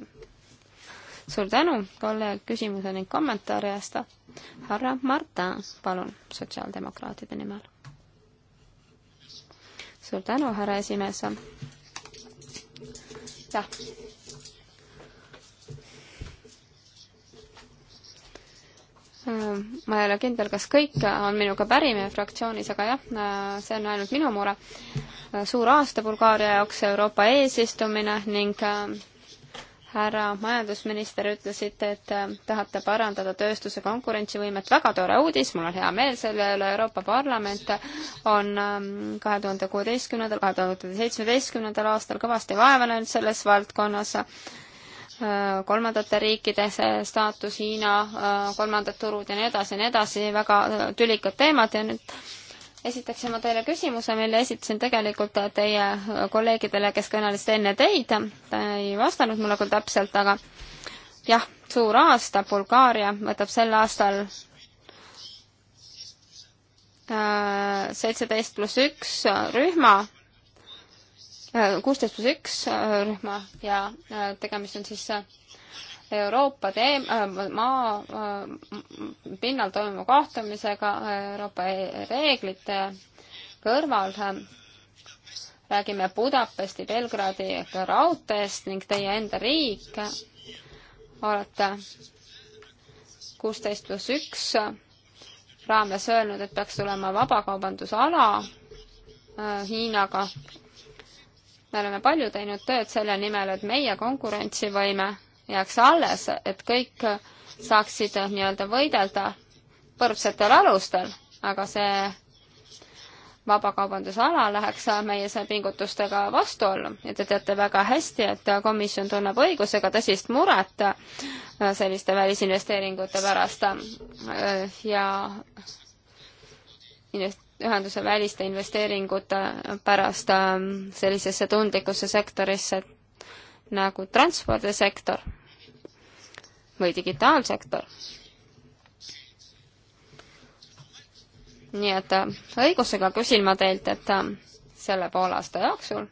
[SPEAKER 2] suur tänu, kolleeg, küsimuse ning kommentaari eest. härra Marta, palun, sotsiaaldemokraatide nimel. suur tänu, härra esimees. jah Äh, ma ei ole kindel, kas kõik on minuga päri meie fraktsioonis, aga jah, äh, see on ainult minu mure. Äh, suur aasta Bulgaaria jaoks Euroopa eesistumine ning härra majandusminister, ütlesite, et tahate parandada tööstuse konkurentsivõimet. väga tore uudis, mul on hea meel selle üle. Euroopa Parlament on ähm, kahe tuhande kuueteistkümnendal, kahe tuhande seitsmeteistkümnendal aastal kõvasti vaeva näinud selles valdkonnas Äh, kolmandate riikide staatus, Hiina, äh, kolmandad turud ja nii edasi ja nii edasi, väga äh, tülikad teemad ja nüüd esitaksin ma teile küsimuse, mille esitasin tegelikult teie kolleegidele, kes kõnelesid enne teid. ta ei vastanud mulle küll täpselt, aga jah, suur aasta, Bulgaaria võtab sel aastal seitseteist pluss üks rühma kuusteist pluss üks äh, rühma ja äh, tegemist on siis äh, Euroopa teem-, maa pinnal toimuva kohtumisega Euroopa e-, reeglite kõrval räägime Budapesti, Belgradi raudteest ning teie enda riik olete kuusteist pluss üks raames öelnud, et peaks tulema vabakaubandusala Hiinaga me oleme palju teinud tööd selle nimel, et meie konkurentsivõime jääks alles, et kõik saaksid eh, nii-öelda võidelda võrdsetel alustel, aga see vabakaubandusala läheks meie see pingutustega vastuollu ja te teate väga hästi, et komisjon tunneb õigusega tõsist muret eh, selliste välisinvesteeringute pärast eh, ja ühenduse väliste investeeringute pärast ähm, sellisesse tundlikusse sektorisse nagu transpordisektor või digitaalsektor. nii et äh, õigusega küsin ma teilt, et äh, selle poole aasta jooksul,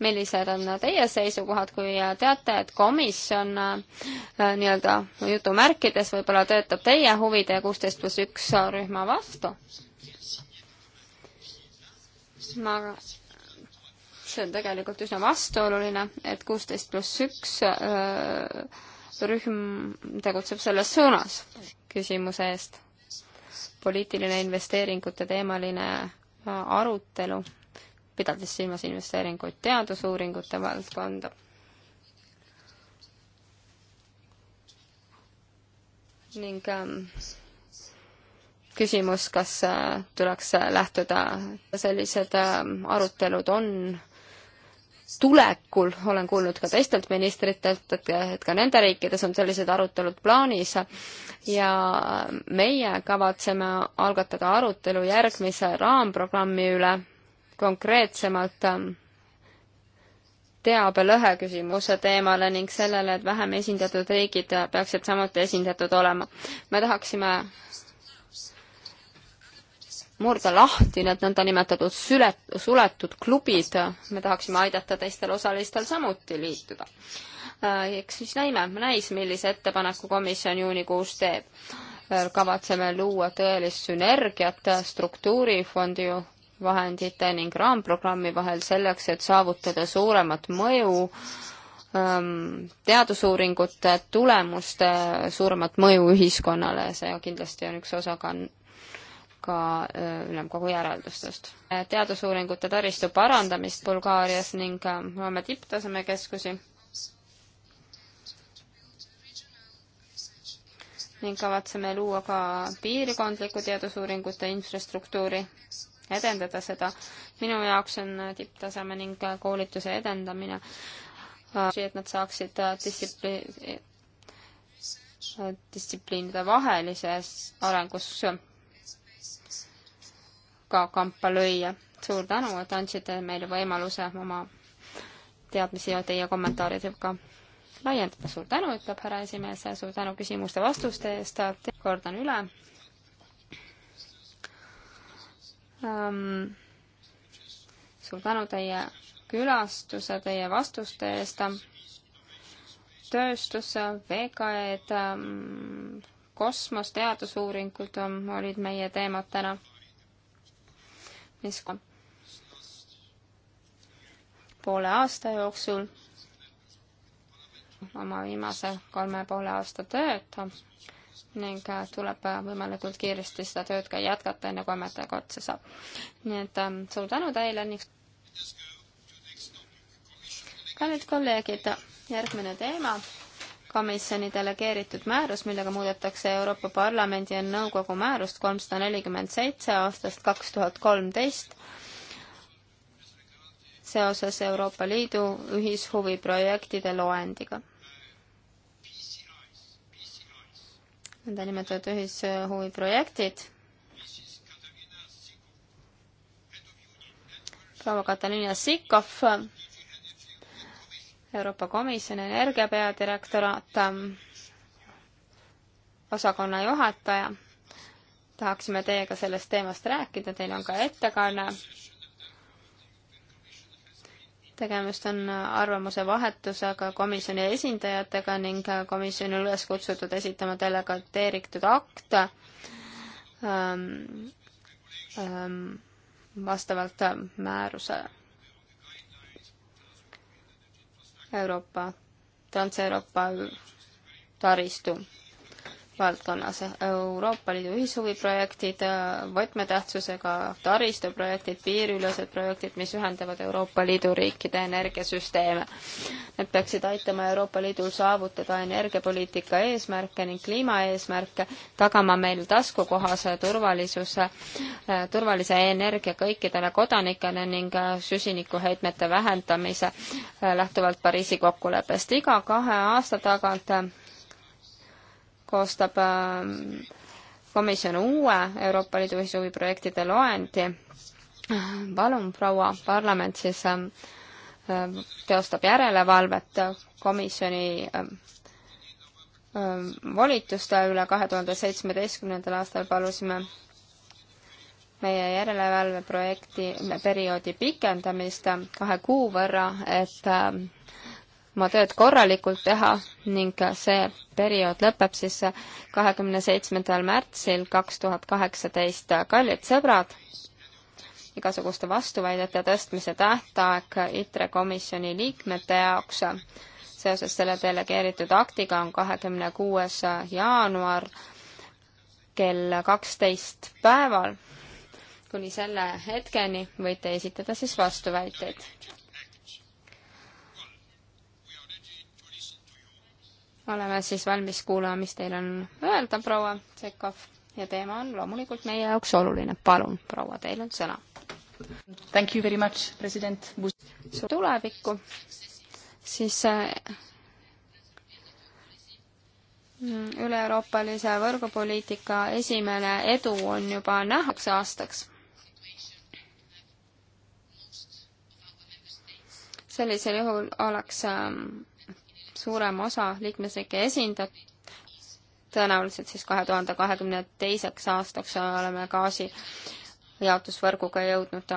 [SPEAKER 2] millised on teie seisukohad, kui äh, teate, et komisjon nii-öelda jutumärkides võib-olla töötab teie huvide kuusteist pluss üks rühma vastu? siis ma, see on tegelikult üsna vastuoluline, et kuusteist pluss üks äh, rühm tegutseb selles suunas küsimuse eest. poliitiline investeeringute teemaline äh, arutelu, pidades silmas investeeringuid teadusuuringute valdkonda ning ähm, küsimus, kas äh, tuleks äh, lähtuda, sellised äh, arutelud on tulekul, olen kuulnud ka teistelt ministritelt, et, et ka nende riikides on sellised arutelud plaanis ja meie kavatseme algatada arutelu järgmise raamprogrammi üle, konkreetsemalt teabelõhe küsimuse teemale ning sellele, et vähem esindatud riigid peaksid samuti esindatud olema. me tahaksime murda lahti need nõndanimetatud sület-, suletud klubid, me tahaksime aidata teistel osalistel samuti liituda. Äh, eks siis näime, näis, millise ettepaneku komisjon juunikuus teeb. Äh, kavatseme luua tõelist sünergiat struktuurifondi vahendite ning raamprogrammi vahel selleks, et saavutada suuremat mõju ähm, teadusuuringute tulemuste suuremat mõju ühiskonnale ja see kindlasti on üks osa ka ka äh, ülemkogu järeldustest. Äh, teadusuuringute taristu parandamist Bulgaarias ning loome äh, tipptaseme keskusi ning kavatseme luua ka piirkondliku teadusuuringute infrastruktuuri, edendada seda. minu jaoks on tipptaseme ning koolituse edendamine, et nad saaksid distsipliin, distsipliinide vahelises arengus ka kampa lüüa. suur tänu, et andsite meile võimaluse oma teadmisi ja teie kommentaaridega laiendada. suur tänu, ütleb härra esimees, suur tänu küsimuste-vastuste eest, kordan üle ähm,. suur tänu teie külastuse, teie vastuste eest. tööstus, VKE-d ähm,, kosmos, teadusuuringud ehm, olid meie teemad täna mis poole aasta jooksul oma viimase kolme poole aasta tööd ning äh, tuleb äh, võimalikult kiiresti seda tööd ka jätkata, enne kui ametiaeg otsa saab. nii et ähm, suur tänu teile ning kallid kolleegid, järgmine teema komisjoni delegeeritud määrus, millega muudetakse Euroopa Parlamendi ja Nõukogu määrust kolmsada nelikümmend seitse aastast kaks tuhat kolmteist seoses Euroopa Liidu ühishuviprojektide loendiga. nõndanimetatud ühishuviprojektid. proua Katariina Sikkov Euroopa Komisjoni energia peadirektoraat, ähm, osakonna juhataja. tahaksime teiega sellest teemast rääkida, teil on ka ettekanne. tegemist on äh, arvamuse vahetusega komisjoni esindajatega ning äh, komisjoni üles kutsutud esitama delegateeritud akte ähm, ähm, vastavalt äh, määrusele Euroopa, Trans-Euroopa taristu valdkonnas. Euroopa Liidu ühishuviprojektid, võtmetähtsusega taristuprojektid, piiriülesed projektid, mis ühendavad Euroopa Liidu riikide energiasüsteeme. Need peaksid aitama Euroopa Liidul saavutada energiapoliitika eesmärke ning kliimaeesmärke, tagama meil taskukohase turvalisuse, turvalise energia kõikidele kodanikele ning süsinikuheitmete vähendamise lähtuvalt Pariisi kokkuleppest. iga kahe aasta tagant koostab ähm, komisjon uue Euroopa Liidu ühishuviprojektide loendi. palun, proua parlament siis ähm, ähm, teostab järelevalvet komisjoni volituste üle kahe tuhande seitsmeteistkümnendal aastal palusime meie järelevalveprojekti perioodi pikendamist kahe kuu võrra, et oma tööd korralikult teha ning see periood lõpeb siis kahekümne seitsmendal märtsil kaks tuhat kaheksateist. kallid sõbrad, igasuguste vastuväidete tõstmise tähtaeg ITRE komisjoni liikmete jaoks seoses selle delegeeritud aktiga on kahekümne kuues jaanuar kell kaksteist päeval. kuni selle hetkeni võite esitada siis vastuväiteid. oleme siis valmis kuulama, mis teil on öelda, proua Tšekov, ja teema on loomulikult meie jaoks oluline. palun, proua, teil on sõna. Thank you very much, president. tulevikku, siis äh, üle-euroopalise võrgupoliitika esimene edu on juba nähakse aastaks sellisel juhul oleks ähm, suurem osa liikmesriike esindab, tõenäoliselt siis kahe tuhande kahekümne teiseks aastaks oleme gaasi jaotusvõrguga jõudnud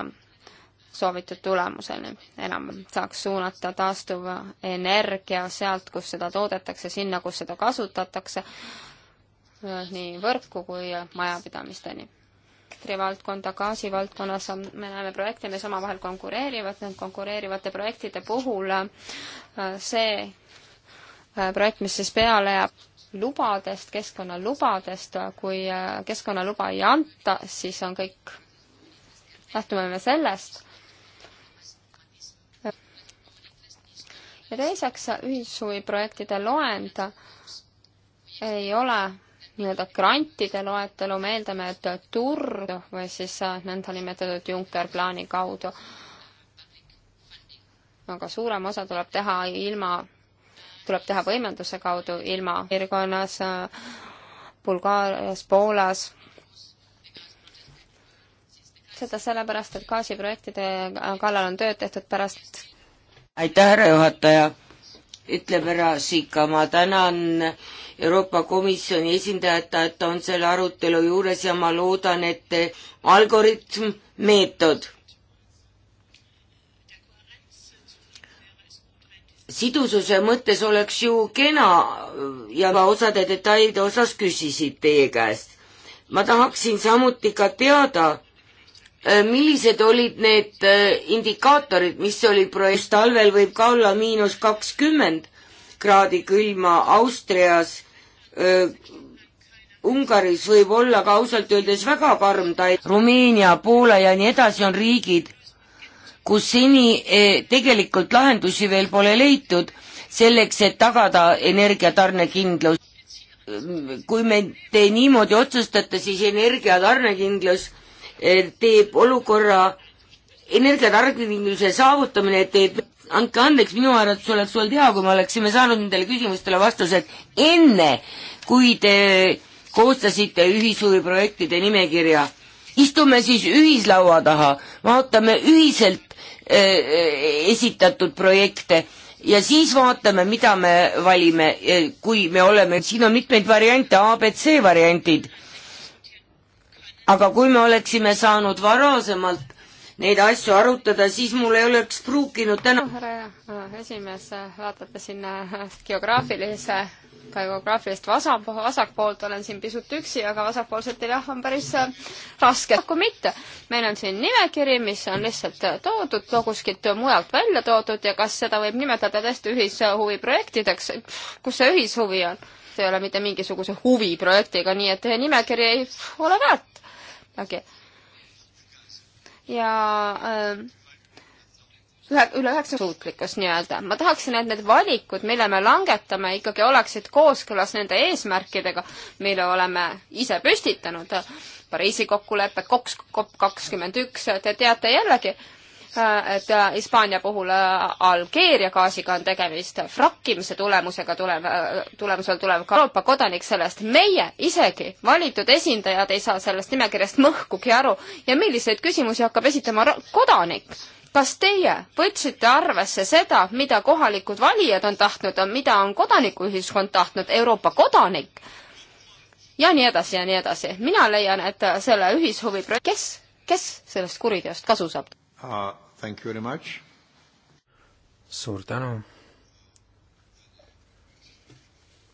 [SPEAKER 2] soovitud tulemuseni. enam saaks suunata taastuva energia sealt, kus seda toodetakse, sinna, kus seda kasutatakse, nii võrku kui majapidamisteni. elektrivaldkonda, gaasivaldkonnas me näeme projekte, mis omavahel konkureerivad, need konkureerivate projektide puhul äh, see Äh, projekt, mis siis peale jääb lubadest, keskkonnalubadest, kui äh, keskkonnaluba ei anta, siis on kõik, lähtume me sellest. ja teiseks, ühishuviprojektide loend ei ole nii-öelda grantide loetelu, me eeldame, et turg või siis äh, nõndanimetatud Juncker plaani kaudu. aga suurem osa tuleb teha ilma tuleb teha võimenduse kaudu ilma piirkonnas, Bulgaarias, Poolas. seda sellepärast, et gaasiprojektide kallal on tööd tehtud pärast.
[SPEAKER 3] aitäh, härra juhataja, ütleb härra Siika, ma tänan Euroopa Komisjoni esindajat, et ta on selle arutelu juures ja ma loodan, et algoritm, meetod sidususe mõttes oleks ju kena ja osade detailide osas küsisid teie käest. ma tahaksin samuti ka teada, äh, millised olid need äh, indikaatorid, mis oli projekt, talvel võib ka olla miinus kakskümmend kraadi külma Austrias, äh, Ungaris võib olla ka ausalt öeldes väga karm talv, Rumeenia, Poola ja nii edasi on riigid kus seni eh, tegelikult lahendusi veel pole leitud selleks, et tagada energiatarnekindlus. kui me te niimoodi otsustate, siis energiatarnekindlus eh, teeb olukorra, energiatarnekindluse saavutamine teeb andke andeks, minu arvates oleks olnud hea, kui me oleksime saanud nendele küsimustele vastused enne, kui te koostasite ühishuviprojektide nimekirja istume siis ühislaua taha, vaatame ühiselt äh, esitatud projekte ja siis vaatame, mida me valime, e, kui me oleme, siin on mitmeid variante, abc variandid. aga kui me oleksime saanud varasemalt neid asju arutada, siis mul ei oleks pruukinud täna.
[SPEAKER 2] härra äh, esimees, äh, vaatate sinna äh, geograafilise ka geograafilist vasap-, vasakpoolt olen siin pisut üksi, aga vasakpoolsetel jah, on päris äh, raske, kui mitte. meil on siin nimekiri, mis on lihtsalt toodud, kuskilt mujalt välja toodud ja kas seda võib nimetada tõesti ühishuviprojektideks, kus see ühishuvi on? see ei ole mitte mingisuguse huviprojektiga, nii et teie nimekiri ei ole väärt. okei okay.. ja äh, ühe, üle üheksa suutlikkus nii-öelda. ma tahaksin, et need valikud, mille me langetame, ikkagi oleksid kooskõlas nende eesmärkidega, mille oleme ise püstitanud. Pariisi kokkulepe, koks, kopp kakskümmend üks, te teate jällegi, äh, et äh, Hispaania puhul äh, Algeeria gaasiga on tegemist, frakkimise tulemusega tulev, tulemusel tulev ka Euroopa kodanik sellest. meie isegi, valitud esindajad, ei saa sellest nimekirjast mõhkugi aru ja milliseid küsimusi hakkab esitama kodanik kas teie võtsite arvesse seda, mida kohalikud valijad on tahtnud, mida on kodanikuühiskond tahtnud, Euroopa kodanik ja nii edasi ja nii edasi. mina leian, et selle ühishuvi pro-, kes, kes sellest kuriteost kasu saab uh,?
[SPEAKER 1] Thank you very much. suur tänu.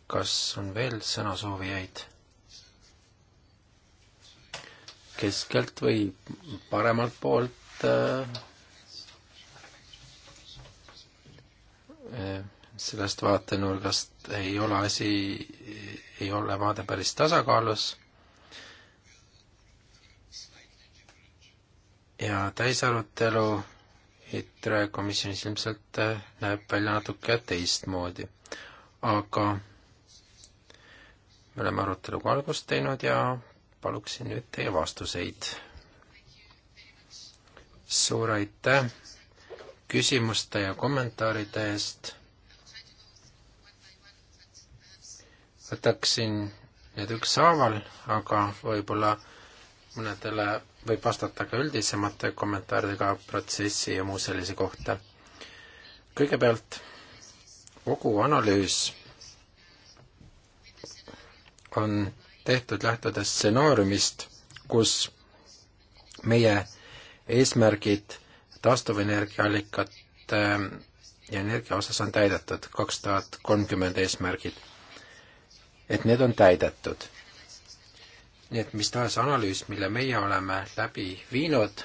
[SPEAKER 1] kas on veel sõnasoovijaid? keskelt või paremalt poolt äh, Äh, sellest vaatenurgast ei ole asi, ei ole vaade päris tasakaalus. ja täisarutelu ITRE komisjonis ilmselt äh, näeb välja natuke teistmoodi. aga me oleme aruteluga algust teinud ja paluksin nüüd teie vastuseid. suur aitäh! küsimuste ja kommentaaride eest. võtaksin need ükshaaval, aga võib-olla mõnedele võib vastata ka üldisemate kommentaaridega protsessi ja muu sellise kohta. kõigepealt kogu analüüs on tehtud lähtudes stsenaariumist, kus meie eesmärgid taastuvenergiaallikate äh, ja energia osas on täidetud kaks tuhat kolmkümmend eesmärgid. et need on täidetud. nii et mis tahes analüüs, mille meie oleme läbi viinud,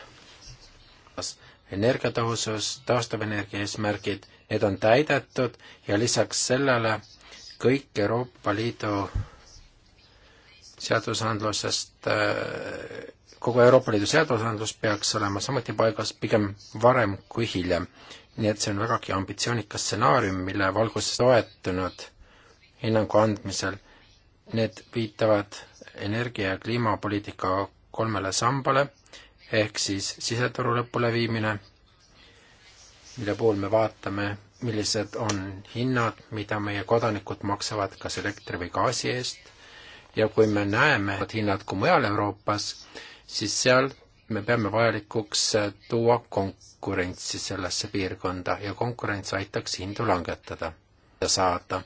[SPEAKER 1] energiatõhusus, taastuvenergia eesmärgid, need on täidetud ja lisaks sellele kõik Euroopa Liidu seadusandlusest äh, kogu Euroopa Liidu seadusandlus peaks olema samuti paigas pigem varem kui hiljem. nii et see on vägagi ambitsioonikas stsenaarium, mille valguses toetunud hinnangu andmisel need viitavad energia- ja kliimapoliitika kolmele sambale, ehk siis siseturu lõpuleviimine, mille puhul me vaatame, millised on hinnad, mida meie kodanikud maksavad kas elektri või gaasi eest, ja kui me näeme, et hinnad kui mujal Euroopas, siis seal me peame vajalikuks äh, tuua konkurentsi sellesse piirkonda ja konkurents aitaks hindu langetada ja saada.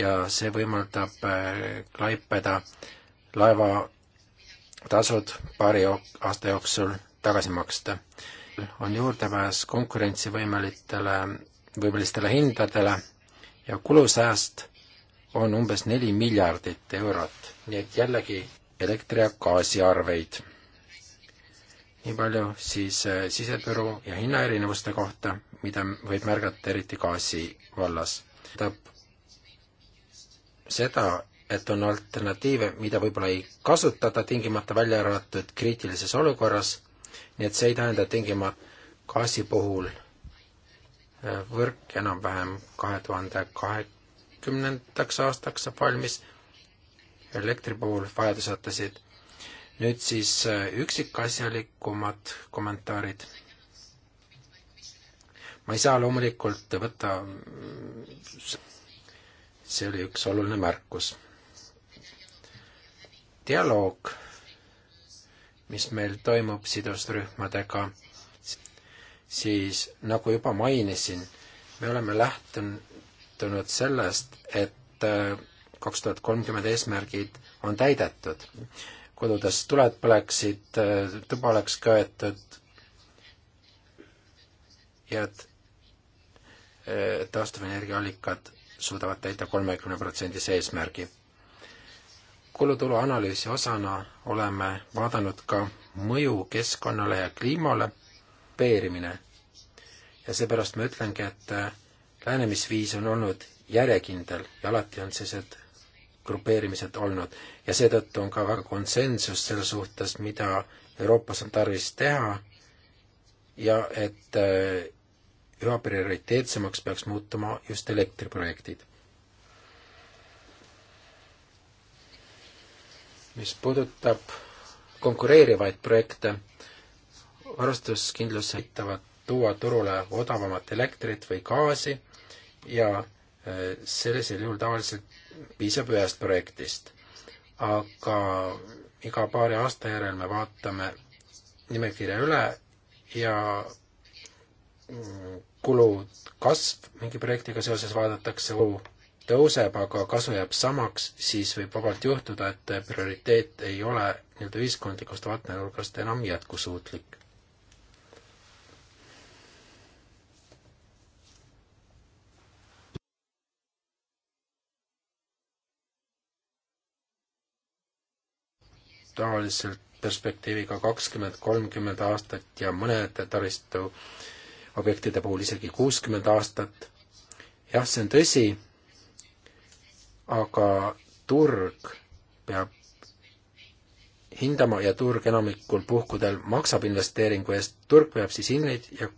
[SPEAKER 1] ja see võimaldab äh, klaipeda laevatasud paari aasta jooksul tagasi maksta. on juurdepääs konkurentsivõimelitele, võimelistele hindadele ja kulusääst on umbes neli miljardit eurot, nii et jällegi elektri- ja gaasiarveid nii palju siis äh, siseturu ja hinnaerinevuste kohta, mida võib märgata eriti gaasi vallas. seda, et on alternatiive, mida võib-olla ei kasutata tingimata välja arvatud kriitilises olukorras, nii et see ei tähenda tingimata gaasi puhul äh, võrk enam-vähem kahe tuhande kahekümnendaks aastaks saab valmis, elektri puhul vajadusetasid nüüd siis äh, üksikasjalikumad kommentaarid. ma ei saa loomulikult võtta, mm, see oli üks oluline märkus. dialoog, mis meil toimub sidusrühmadega, siis nagu juba mainisin, me oleme lähtunud sellest, et äh, kaks tuhat kolmkümmend eesmärgid on täidetud kodudes tuled põleksid, tuba oleks köetud ja et taastuvenergiaallikad suudavad täita kolmekümne protsendise eesmärgi. kulutulu analüüsi osana oleme vaadanud ka mõju keskkonnale ja kliimale, peerimine. ja seepärast ma ütlengi, et lähenemisviis on olnud järjekindel ja alati on sellised grupeerimised olnud ja seetõttu on ka väga konsensus selle suhtes, mida Euroopas on tarvis teha ja et äh, üha prioriteetsemaks peaks muutuma just elektriprojektid. mis puudutab konkureerivaid projekte, varustuskindlus aitavad tuua turule odavamat elektrit või gaasi ja Äh, sellisel juhul tavaliselt piisab ühest projektist. aga iga paari aasta järel me vaatame nimekirja üle ja mm, kulud kasv mingi projektiga seoses vaadatakse, kulu tõuseb, aga kasu jääb samaks, siis võib vabalt juhtuda, et prioriteet ei ole nii-öelda ühiskondlikust vaatenurgast enam jätkusuutlik. tavaliselt perspektiiviga kakskümmend, kolmkümmend aastat ja mõnede taristu objektide puhul isegi kuuskümmend aastat. jah, see on tõsi, aga turg peab hindama ja turg enamikul puhkudel maksab investeeringu eest, turg peab siis hindeid ja,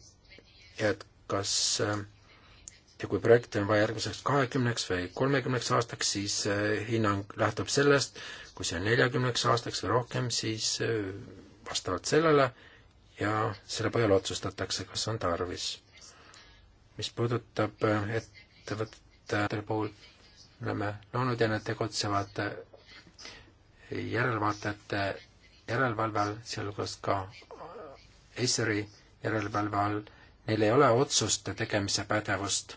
[SPEAKER 1] ja et kas äh, ja kui projekte on vaja järgmiseks kahekümneks või kolmekümneks aastaks, siis äh, hinnang lähtub sellest, kui see on neljakümneks aastaks või rohkem, siis äh, vastavalt sellele ja selle põhjal otsustatakse, kas on tarvis. mis puudutab äh, ettevõtete puhul, oleme loonud ja nad tegutsevad järelevaatajate järelevalve all, sealhulgas ka ESRi järelevalve all, neil ei ole otsuste tegemise pädevust.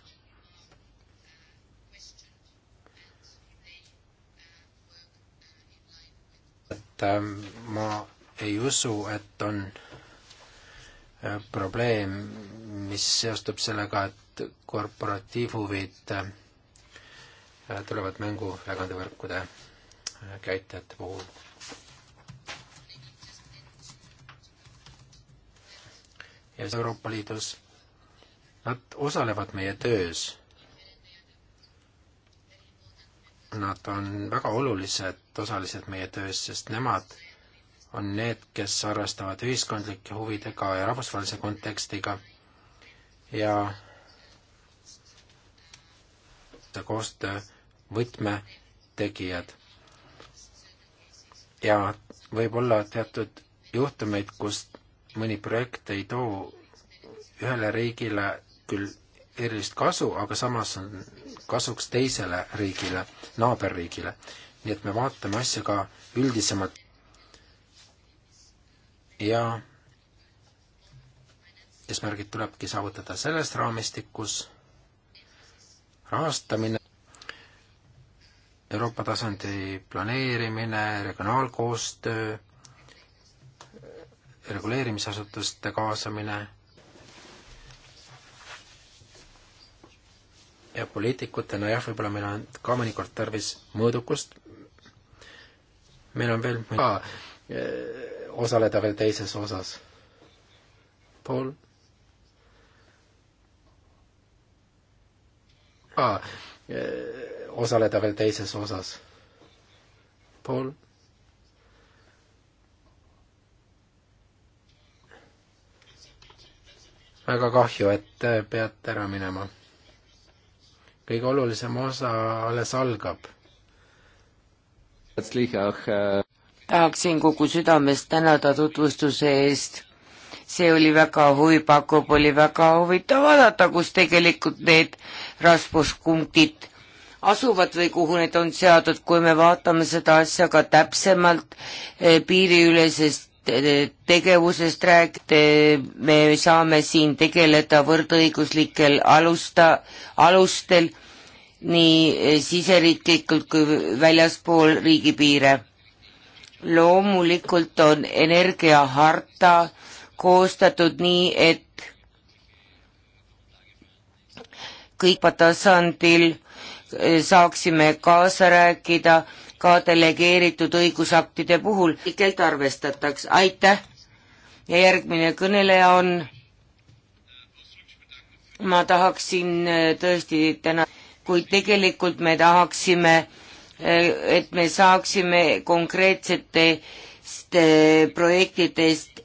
[SPEAKER 1] et ähm, ma ei usu, et on äh, probleem, mis seostub sellega, et korporatiivhuvid äh, tulevad mängu jagandivõrkude äh, käitajate puhul. ja Euroopa Liidus nad osalevad meie töös nad on väga olulised osalised meie töös, sest nemad on need, kes arvestavad ühiskondlike huvidega ja rahvusvahelise kontekstiga ja koostöö võtmetegijad. ja võib olla teatud juhtumeid, kus mõni projekt ei too ühele riigile küll erilist kasu, aga samas on kasuks teisele riigile, naaberriigile. nii et me vaatame asja ka üldisemalt ja eesmärgid tulebki saavutada selles raamistikus, rahastamine, Euroopa tasandi planeerimine, regionaalkoostöö, reguleerimisasutuste kaasamine ja poliitikutena no jah, võib-olla meil on ka mõnikord tarvis mõõdukust, meil on veel ka eh, osaleda veel teises osas. Paul? ka eh, osaleda veel teises osas. Paul? väga kahju, et eh, pead ära minema kõige olulisem osa alles algab.
[SPEAKER 3] Äh, tahaksin kogu südamest tänada tutvustuse eest. see oli väga huvipakkuv, oli väga huvitav vaadata, kus tegelikult need raskuspunktid asuvad või kuhu need on seatud, kui me vaatame seda asja ka täpsemalt eh, piiriülesest tegevusest rääkida, me saame siin tegeleda võrdõiguslikel alusta, alustel nii siseriiklikult kui väljaspool riigipiire. loomulikult on energiaharta koostatud nii, et kõik tasandil eh, saaksime kaasa rääkida ka delegeeritud õigusaktide puhul ikelt arvestataks. aitäh ja järgmine kõneleja on. ma tahaksin äh, tõesti täna, kuid tegelikult me tahaksime, äh, et me saaksime konkreetsetest äh, projektidest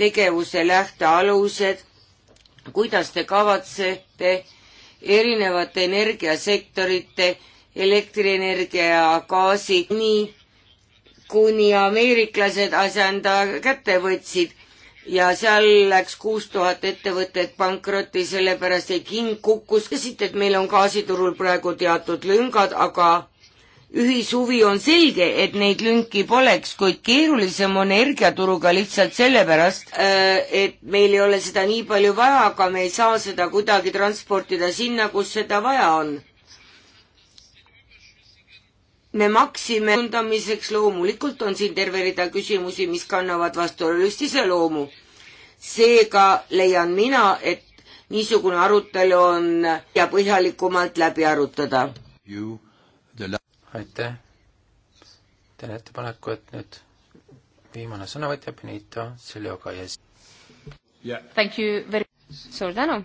[SPEAKER 3] tegevuse lähtealused, kuidas te kavatsete erinevate energiasektorite elektrienergia ja gaasi, nii kuni ameeriklased asjanda kätte võtsid ja seal läks kuus tuhat ettevõtet pankrotti, sellepärast et hing kukkus. ütlesite, et meil on gaasiturul praegu teatud lüngad, aga ühishuvi on selge, et neid lünki poleks, kuid keerulisem on energiaturuga lihtsalt sellepärast, äh, et meil ei ole seda nii palju vaja, aga me ei saa seda kuidagi transportida sinna, kus seda vaja on me maksime kujundamiseks, loomulikult on siin terve rida küsimusi, mis kannavad vastuolulist iseloomu. seega leian mina, et niisugune arutelu on ja põhjalikumalt läbi arutada.
[SPEAKER 1] aitäh. teen ettepaneku, et nüüd viimane sõnavõtja Benito Siljoga ja siis yeah..
[SPEAKER 2] Thank you very much. suur tänu.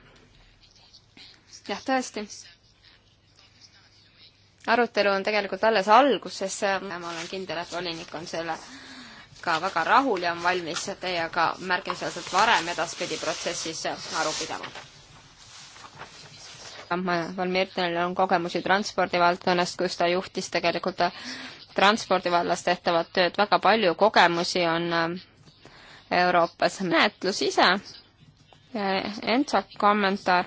[SPEAKER 2] jah, tõesti arutelu on tegelikult alles alguses, äh, ma olen kindel, et volinik on selle ka väga rahul ja on valmis teiega märkimisväärselt varem edaspidi protsessis aru pidama. Van Mirtenil on kogemusi transpordivaldkonnast, kus ta juhtis tegelikult äh, transpordi vallas tehtavat tööd väga palju, kogemusi on äh, Euroopas menetlus ise. Enso kommentaar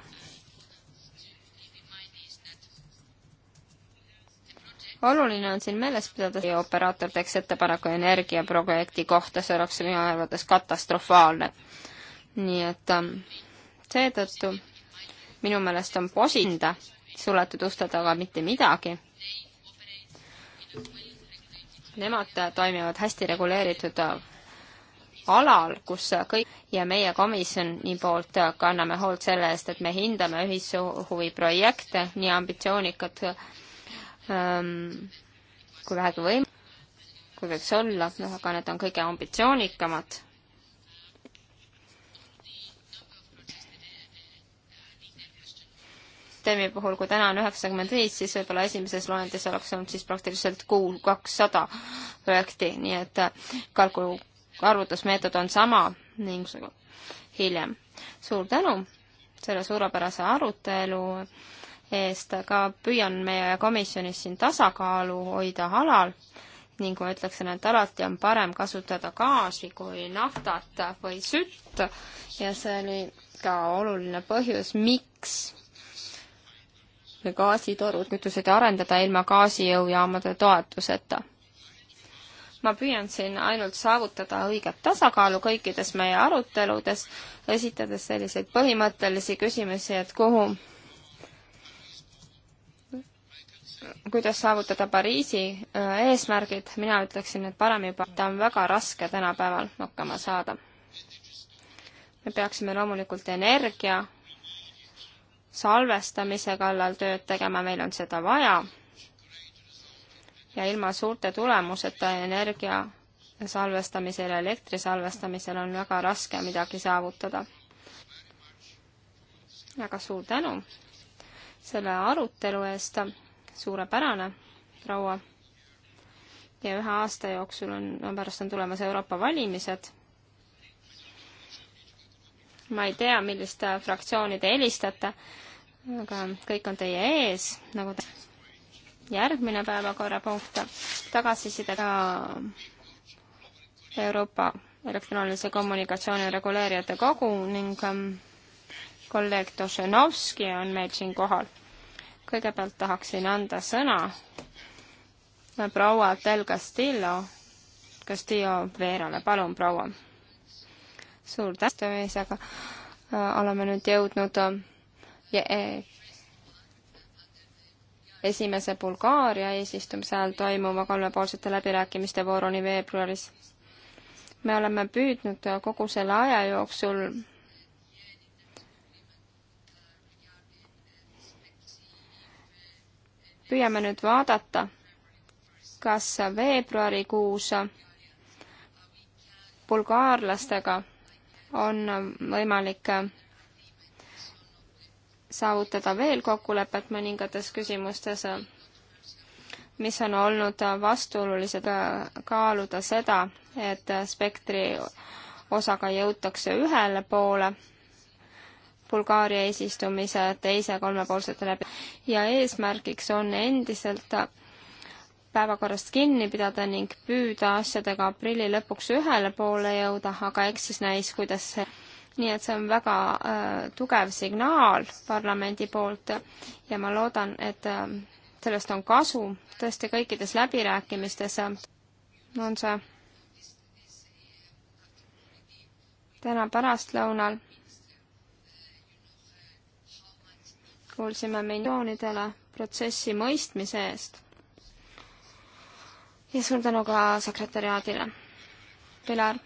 [SPEAKER 2] oluline on siin meeles pidada, et operaator teeks ettepaneku energiaprojekti kohta, see oleks minu arvates katastrofaalne. nii et ähm, seetõttu minu meelest on posinda suletud uste taga mitte midagi. Nemad toimivad hästi reguleeritud äh, alal, kus kõik ja meie komisjoni poolt äh, kanname hoolt selle eest, et me hindame ühishuvi projekte, nii ambitsioonikad äh, Ähm, kui vähegi võim-, kui võiks olla, noh aga need on kõige ambitsioonikamad. süsteemi puhul, kui täna on üheksakümmend viis, siis võib-olla esimeses loendis oleks olnud siis praktiliselt kuu kakssada projekti, nii et äh, kalku-, arvutusmeetod on sama ning hiljem. suur tänu selle suurepärase arutelu eest, aga püüan meie komisjonis siin tasakaalu hoida alal ning ma ütleksin, et alati on parem kasutada gaasi kui naftat või sütt ja see oli ka oluline põhjus, miks gaasitorud kütuseid arendada ilma gaasijõujaamade toetuseta. ma püüan siin ainult saavutada õiget tasakaalu kõikides meie aruteludes, esitades selliseid põhimõttelisi küsimusi, et kuhu kuidas saavutada Pariisi äh, eesmärgid, mina ütleksin, et parem juba, ta on väga raske tänapäeval hakkama saada. me peaksime loomulikult energia salvestamise kallal tööd tegema, meil on seda vaja. ja ilma suurte tulemuseta energia salvestamisel ja elektri salvestamisel on väga raske midagi saavutada. väga suur tänu selle arutelu eest suurepärane, proua. ja ühe aasta jooksul on, pärast on tulemas Euroopa valimised. ma ei tea, millist fraktsiooni te helistate, aga kõik on teie ees, nagu te järgmine päevakorrapunkt, tagasiside ka Euroopa elektroonilise kommunikatsiooni reguleerijate kogu ning ähm, kolleeg Tošenovski on meil siin kohal kõigepealt tahaksin anda sõna proua Del Castillo, Castillo Veerale, palun proua. suur tänu, aga äh, oleme nüüd jõudnud äh, äh, esimese Bulgaaria eesistumise ajal toimuva kolmepoolsete läbirääkimiste vooruni veebruaris. me oleme püüdnud kogu selle aja jooksul püüame nüüd vaadata, kas veebruarikuus bulgaarlastega on võimalik saavutada veel kokkulepet mõningates küsimustes, mis on olnud vastuolulised, kaaluda seda, et spektri osaga jõutakse ühele poole Bulgaaria eesistumise teise kolmepoolsete läbi ja eesmärgiks on endiselt päevakorrast kinni pidada ning püüda asjadega aprilli lõpuks ühele poole jõuda, aga eks siis näis, kuidas see nii et see on väga äh, tugev signaal parlamendi poolt ja ma loodan, et äh, sellest on kasu tõesti kõikides läbirääkimistes äh, on see täna pärastlõunal kuulsime miljoonidele protsessi mõistmise eest. ja suur tänu ka sekretäriaadile. Pilar.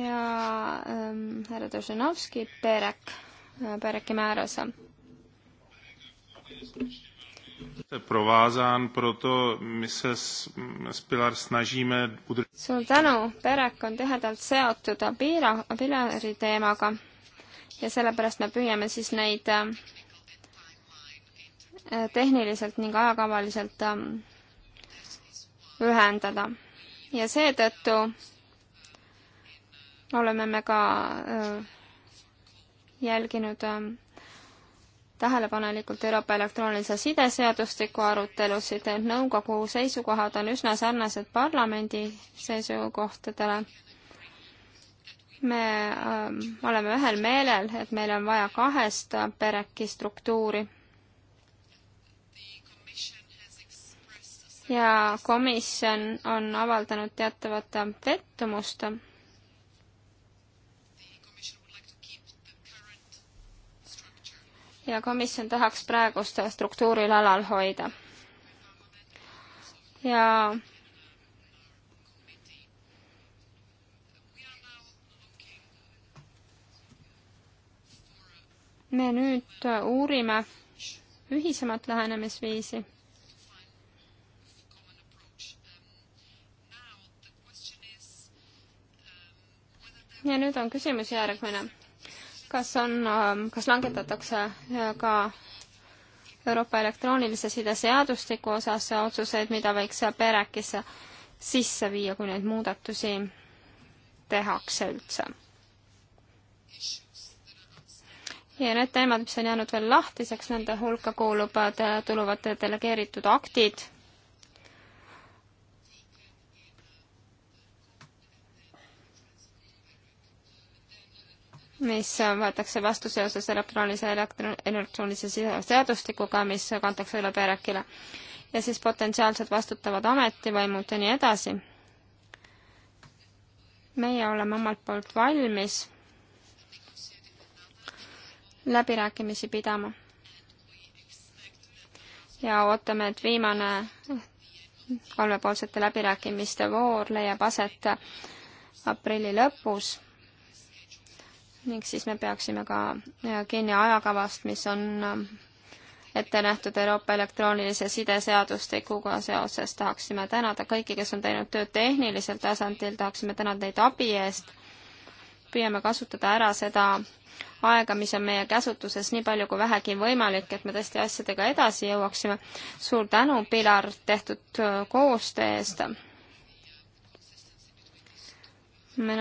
[SPEAKER 2] ja ähm, härra Dožinovski, Perek, äh, Pereki määrus.
[SPEAKER 1] provázán, proto my se s, s Pilar snažíme udržet.
[SPEAKER 2] suur tänu, Perek on tihedalt seotud Piira, Pilari teemaga ja sellepärast me püüame siis neid ähm, äh, tehniliselt ning ajakavaliselt ähm, ühendada. ja seetõttu oleme me ka äh, jälginud ähm, tähelepanelikult Euroopa elektroonilise side seadustiku arutelusid, et nõukogu seisukohad on üsna sarnased parlamendi seisukohtadele me äh, oleme ühel meelel, et meil on vaja kahest pereki struktuuri. ja komisjon on avaldanud teatavat pettumust. ja komisjon tahaks praegust struktuuril alal hoida. ja me nüüd uurime ühisemat lähenemisviisi. ja nüüd on küsimus järgmine. kas on, ähm, kas langetatakse äh, ka Euroopa elektroonilise side seadustiku osas otsuseid, mida võiks PEREC-isse sisse viia, kui neid muudatusi tehakse üldse? ja need teemad, mis on jäänud veel lahtiseks, nende hulka kuuluvad, äh, tuluvad delegeeritud aktid. mis võetakse vastu seoses elektroonilise elektro-, elektroonilise seadustikuga, mis kantakse üle PEREC-ile. ja siis potentsiaalselt vastutavad ametivõimud ja nii edasi. meie oleme omalt poolt valmis läbirääkimisi pidama. ja ootame, et viimane kolmepoolsete läbirääkimiste voor leiab aset aprilli lõpus ning siis me peaksime ka kinni ajakavast, mis on ette nähtud Euroopa elektroonilise side seadustikuga seoses tahaksime tänada kõiki, kes on teinud tööd tehnilisel tasandil, tahaksime tänada neid abi eest. püüame kasutada ära seda aega, mis on meie käsutuses, nii palju kui vähegi võimalik, et me tõesti asjadega edasi jõuaksime. suur tänu, Pilar, tehtud äh, koostöö eest. meil